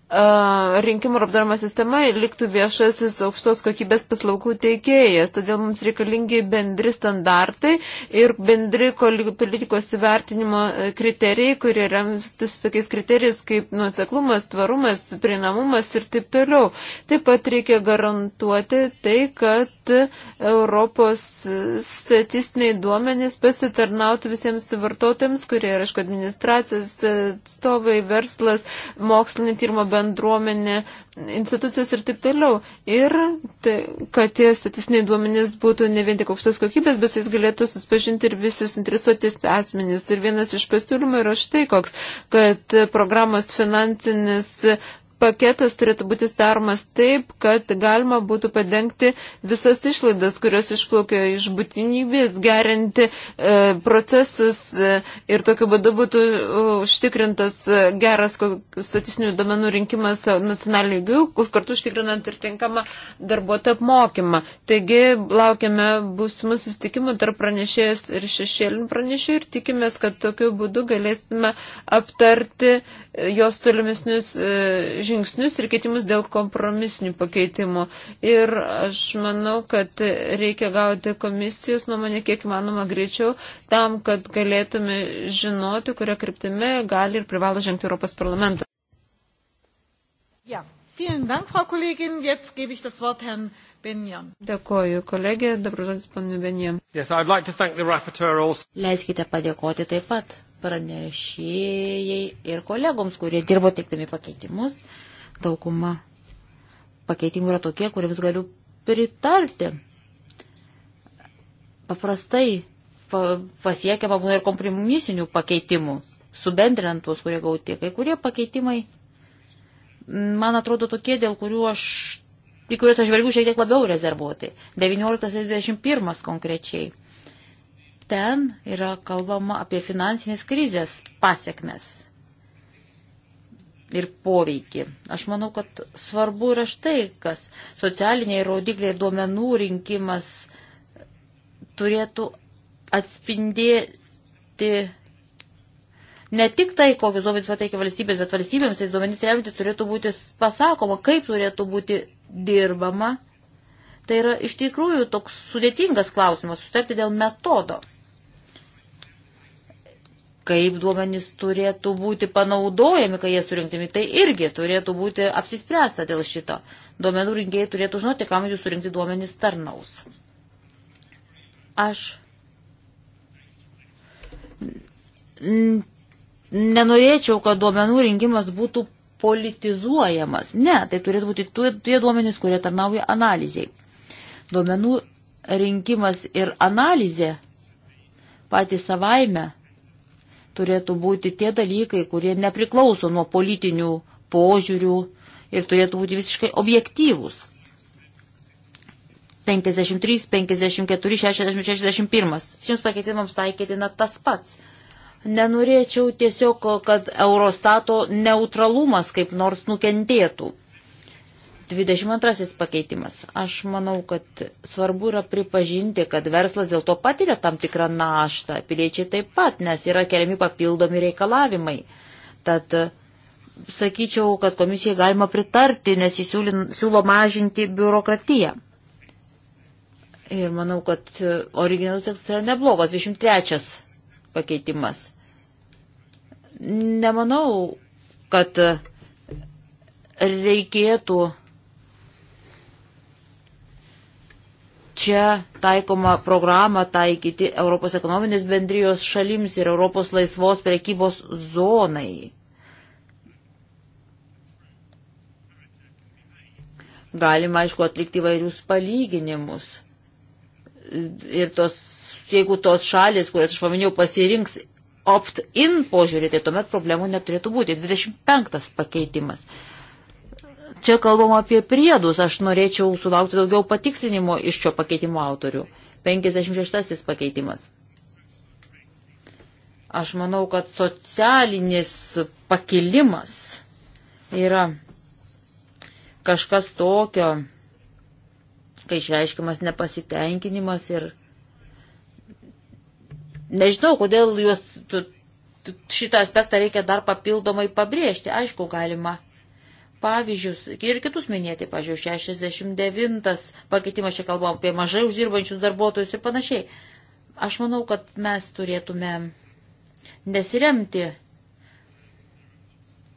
rinkimų ir apdaroma sistema liktų viešasis aukštos kokybės paslaugų teikėjas. Todėl mums reikalingi bendri standartai ir bendri politikos įvertinimo e, kriterijai, kurie remstųsi tokiais kriterijais kaip nuoseklumas, tvarumas, prieinamumas ir taip toliau. Taip pat reikia garantuoti tai, kad Europos statistiniai duomenys pasitarnautų visiems vartotojams, kurie yra, aišku, administracijos atstovai, verslas, mokslinė tyrimo bendruomenė, institucijos ir taip toliau. Ir tai, kad tie statistiniai duomenys būtų ne vien tik aukštos kokybės, bet jis galėtų suspažinti ir visi suinteresuotis asmenys. Ir vienas iš pasiūlymų yra štai koks, kad programos finansinis paketas turėtų būti daromas taip, kad galima būtų padengti visas išlaidas, kurios išplaukia iš būtinybės, gerinti e, procesus e, ir tokiu būdu būtų e, užtikrintas e, geras statistinių domenų rinkimas nacionalinių lygių, kartu užtikrinant ir tinkamą darbuotojų apmokymą. Taigi laukiame būsimų susitikimų tarp pranešėjas ir šešėlinių pranešėjų ir tikimės, kad tokiu būdu galėsime aptarti jos tolimesnius e, žingsnius ir keitimus dėl kompromisinių pakeitimų. Ir aš manau, kad reikia gauti komisijos nuomonę kiek įmanoma greičiau tam, kad galėtume žinoti, kuria kryptimi gali ir privalo žengti Europos parlamentą. Ja. Vielen Dank, Frau Kollegin. Jetzt gebe ich das Wort Herrn Benjam. Dėkoju, kolegė. Dabar žodis ponui Benjam. Yes, like Leiskite padėkoti taip pat pranešėjai ir kolegoms, kurie dirbo teikdami pakeitimus. Dauguma pakeitimų yra tokie, kuriems galiu pritarti. Paprastai pasiekiama būna ir kompromisinių pakeitimų, subendrinant tuos, kurie gauti. Kai kurie pakeitimai, man atrodo, tokie, dėl kurių aš, į kuriuos aš žvelgiu šiek tiek labiau rezervuotai. 19.21 konkrečiai Ten yra kalbama apie finansinės krizės pasiekmes ir poveikį. Aš manau, kad svarbu yra štai, kas socialiniai rodikliai ir duomenų rinkimas turėtų atspindėti ne tik tai, kokius duomenys pateikia valstybės, bet valstybėms tais duomenys remtis turėtų būti pasakoma, kaip turėtų būti dirbama. Tai yra iš tikrųjų toks sudėtingas klausimas, sustarti dėl metodo kaip duomenys turėtų būti panaudojami, kai jie surinktimi, tai irgi turėtų būti apsispręsta dėl šito. Duomenų rinkėjai turėtų žinoti, kam jų surinkti duomenys tarnaus. Aš nenorėčiau, kad duomenų rinkimas būtų politizuojamas. Ne, tai turėtų būti tie duomenys, kurie tarnauja analizai. Duomenų rinkimas ir analizė patys savaime turėtų būti tie dalykai, kurie nepriklauso nuo politinių požiūrių ir turėtų būti visiškai objektyvūs. 53, 54, 60, 61. Šiems pakeitimams taikytina tas pats. Nenorėčiau tiesiog, kad Eurostato neutralumas kaip nors nukentėtų. 22 pakeitimas. Aš manau, kad svarbu yra pripažinti, kad verslas dėl to patiria tam tikrą naštą, piliečiai taip pat, nes yra keliami papildomi reikalavimai. Tad sakyčiau, kad komisijai galima pritarti, nes jis siūlo mažinti biurokratiją. Ir manau, kad originalus tekstas yra neblogas, 23 pakeitimas. Nemanau, kad reikėtų čia taikoma programa taikyti Europos ekonominės bendrijos šalims ir Europos laisvos prekybos zonai. Galima, aišku, atlikti vairius palyginimus. Ir tos, jeigu tos šalis, kurias aš paminėjau, pasirinks opt-in požiūrį, tai tuomet problemų neturėtų būti. 25 pakeitimas. Čia kalbam apie priedus, aš norėčiau sulaukti daugiau patikslinimo iš šio pakeitimo autorių. 56 pakeitimas. Aš manau, kad socialinis pakilimas yra kažkas tokio, kai išreiškimas nepasitenkinimas ir nežinau, kodėl juos šitą aspektą reikia dar papildomai pabrėžti. Aišku, galima pavyzdžius ir kitus minėti, pavyzdžiui, 69 pakeitimas, čia kalbam apie mažai uždirbančius darbuotojus ir panašiai. Aš manau, kad mes turėtume nesiremti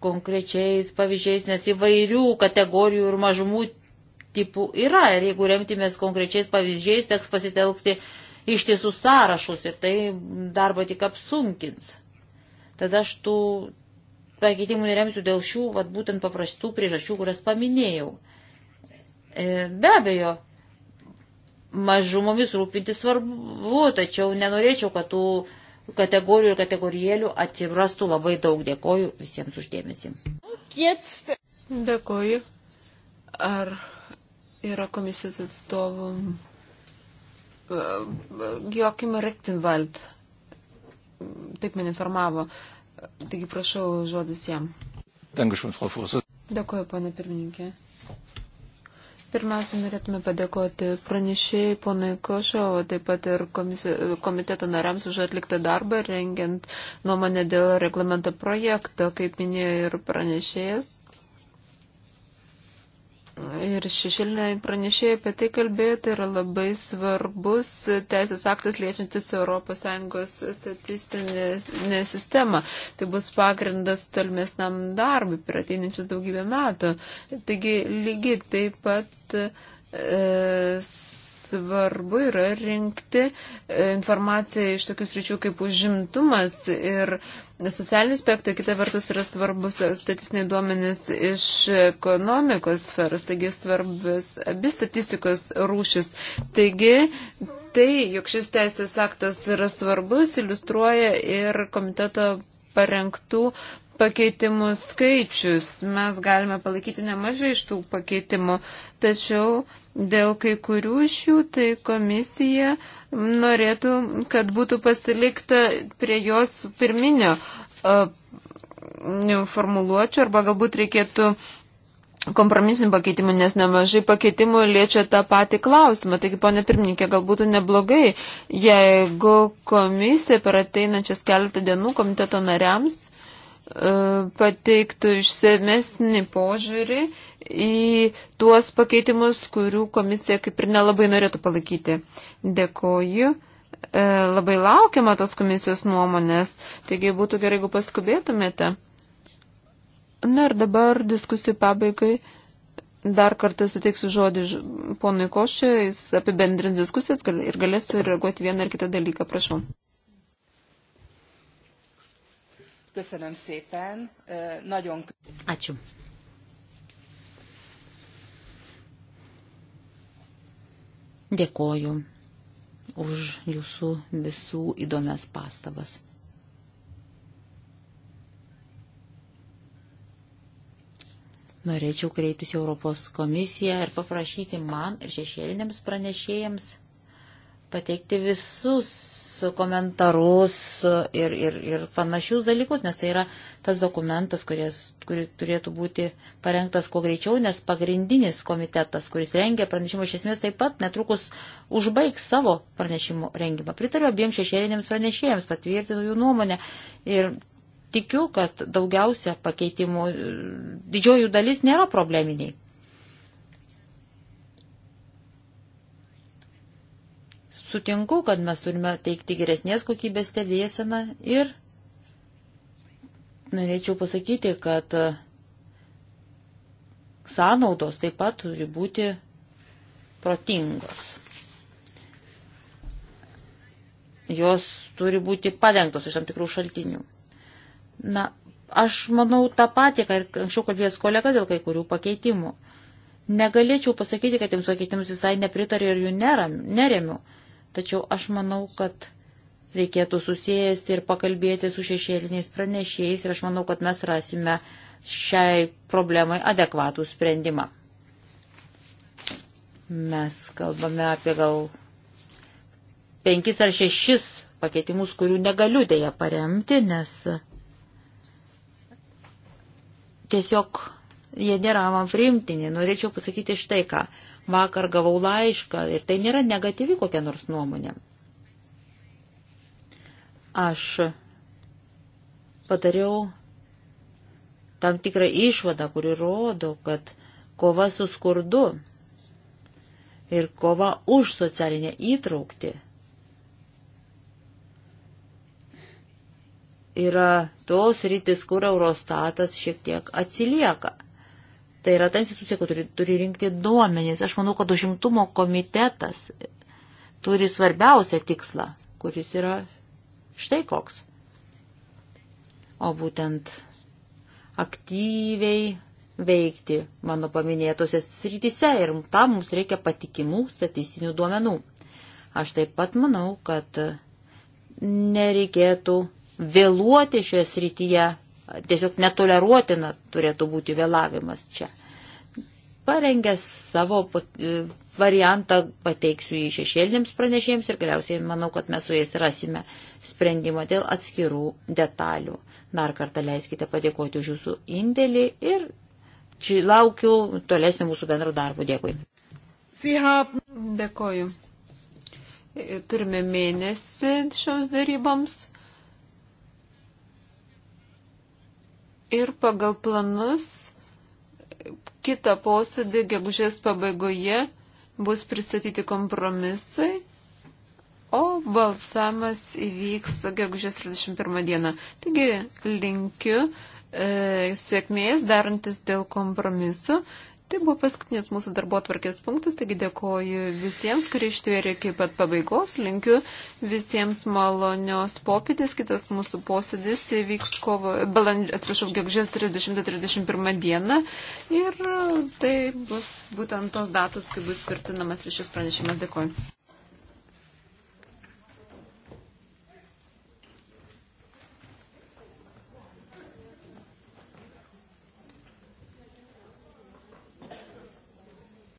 konkrečiais pavyzdžiais, nes įvairių kategorijų ir mažumų tipų yra. Ir jeigu remtimės konkrečiais pavyzdžiais, teks pasitelkti iš tiesų sąrašus ir tai darbą tik apsunkins. Tada aš tų pakeitimų neremsiu dėl šių, vat, būtent paprastų priežasčių, kurias paminėjau. E, be abejo, mažumomis rūpinti svarbu, tačiau nenorėčiau, kad tų kategorijų ir kategorijėlių atsirastų labai daug. Dėkoju visiems uždėmesi. Dėkoju. Ar yra komisijos atstovų Joachim Rechtenwald? Taip man informavo. Uh, Taigi prašau žodis jam. Dėkuoju, pane pirmininkė. Pirmiausia, norėtume padėkoti pranešėjai ponui Košo, o taip pat ir komisijos, komiteto nariams už atliktą darbą, rengiant nuomonę dėl reglamento projekto, kaip minėjo ir pranešėjas. Ir šešėliniai pranešėjai apie tai kalbėjo, tai yra labai svarbus teisės aktas liečiantis ES statistinę sistemą. Tai bus pagrindas tolmesnam darbui per ateinančius daugybę metų. Taigi lygiai taip pat e, svarbu yra rinkti e, informaciją iš tokius ryčių kaip užimtumas ir e, socialinių aspektų, kita vertus yra svarbus statistiniai duomenys iš ekonomikos sferos, taigi svarbus abi statistikos rūšis. Taigi, tai, jog šis teisės aktas yra svarbus, iliustruoja ir komiteto parengtų pakeitimų skaičius. Mes galime palaikyti nemažai iš tų pakeitimų, tačiau dėl kai kurių šių tai komisija norėtų, kad būtų pasilikta prie jos pirminio formuluočio arba galbūt reikėtų kompromisinių pakeitimų, nes nemažai pakeitimų liečia tą patį klausimą. Taigi, ponė pirmininkė, galbūt neblogai, jeigu komisija per ateinančias keletą dienų komiteto nariams pateiktų išsamesnį požiūrį į tuos pakeitimus, kurių komisija kaip ir nelabai norėtų palaikyti. Dėkoju. E, labai laukiama tos komisijos nuomonės, taigi būtų gerai, jeigu paskubėtumėte. Na ir dabar diskusijų pabaigai. Dar kartą suteiksiu žodį ponui Košė, jis apibendrins diskusijas ir galėsiu reaguoti vieną ar kitą dalyką, prašau. Köszönöm szépen. E, nagyon... Ačiū. Dėkoju už jūsų visų įdomias pastabas. Norėčiau kreiptis Europos komisiją ir paprašyti man ir šešėlinėms pranešėjams pateikti visus komentarus ir, ir, ir panašius dalykus, nes tai yra tas dokumentas, kuris, kuris turėtų būti parengtas kuo greičiau, nes pagrindinis komitetas, kuris rengia pranešimą, iš esmės taip pat netrukus užbaigs savo pranešimų rengimą. Pritariu abiems šešėlinėms pranešėjams, patvirtinu jų nuomonę ir tikiu, kad daugiausia pakeitimų, didžioji dalis nėra probleminiai. sutinku, kad mes turime teikti geresnės kokybės stebėseną ir norėčiau pasakyti, kad e, sąnaudos taip pat turi būti protingos. Jos turi būti padengtos iš tam tikrų šaltinių. Na, aš manau tą patį, ką ir anksčiau kalbėjęs kolega dėl kai kurių pakeitimų. Negalėčiau pasakyti, kad tiems pakeitimus visai nepritariu ir jų neremiu. Tačiau aš manau, kad reikėtų susijęsti ir pakalbėti su šešėliniais pranešėjais ir aš manau, kad mes rasime šiai problemai adekvatų sprendimą. Mes kalbame apie gal penkis ar šešis pakeitimus, kurių negaliu dėja paremti, nes tiesiog jie nėra man priimtini. Norėčiau pasakyti štai ką. Vakar gavau laišką ir tai nėra negatyvi kokia nors nuomonė. Aš padariau tam tikrą išvadą, kuri rodo, kad kova su skurdu ir kova už socialinę įtraukti yra tos rytis, kur Eurostatas šiek tiek atsilieka. Tai yra ta institucija, kur turi, turi rinkti duomenys. Aš manau, kad užimtumo komitetas turi svarbiausią tikslą, kuris yra štai koks. O būtent aktyviai veikti mano paminėtose srityse ir tam mums reikia patikimų statistinių duomenų. Aš taip pat manau, kad nereikėtų vėluoti šioje srityje tiesiog netoleruotina turėtų būti vėlavimas čia. Parengęs savo e, variantą pateiksiu į šešėlinėms pranešėjams ir galiausiai manau, kad mes su jais rasime sprendimą dėl atskirų detalių. Dar kartą leiskite padėkoti už jūsų indėlį ir laukiu tolesnio mūsų bendro darbo. Dėkui. Dėkoju. Turime mėnesį šioms daryboms. ir pagal planus kitą posėdį gegužės pabaigoje bus pristatyti kompromisai, o balsamas įvyks gegužės 31 dieną. Taigi linkiu e, sėkmės darantis dėl kompromisų. Tai buvo paskutinis mūsų darbo tvarkės punktas, taigi dėkoju visiems, kurie ištvėrė iki pat pabaigos. Linkiu visiems malonios popietės. Kitas mūsų posėdis vyks kovo, balandžio, atsiprašau, gegužės 30-31 dieną. Ir tai bus būtent tos datos, kai bus tvirtinamas ryšis pranešimas. Dėkoju.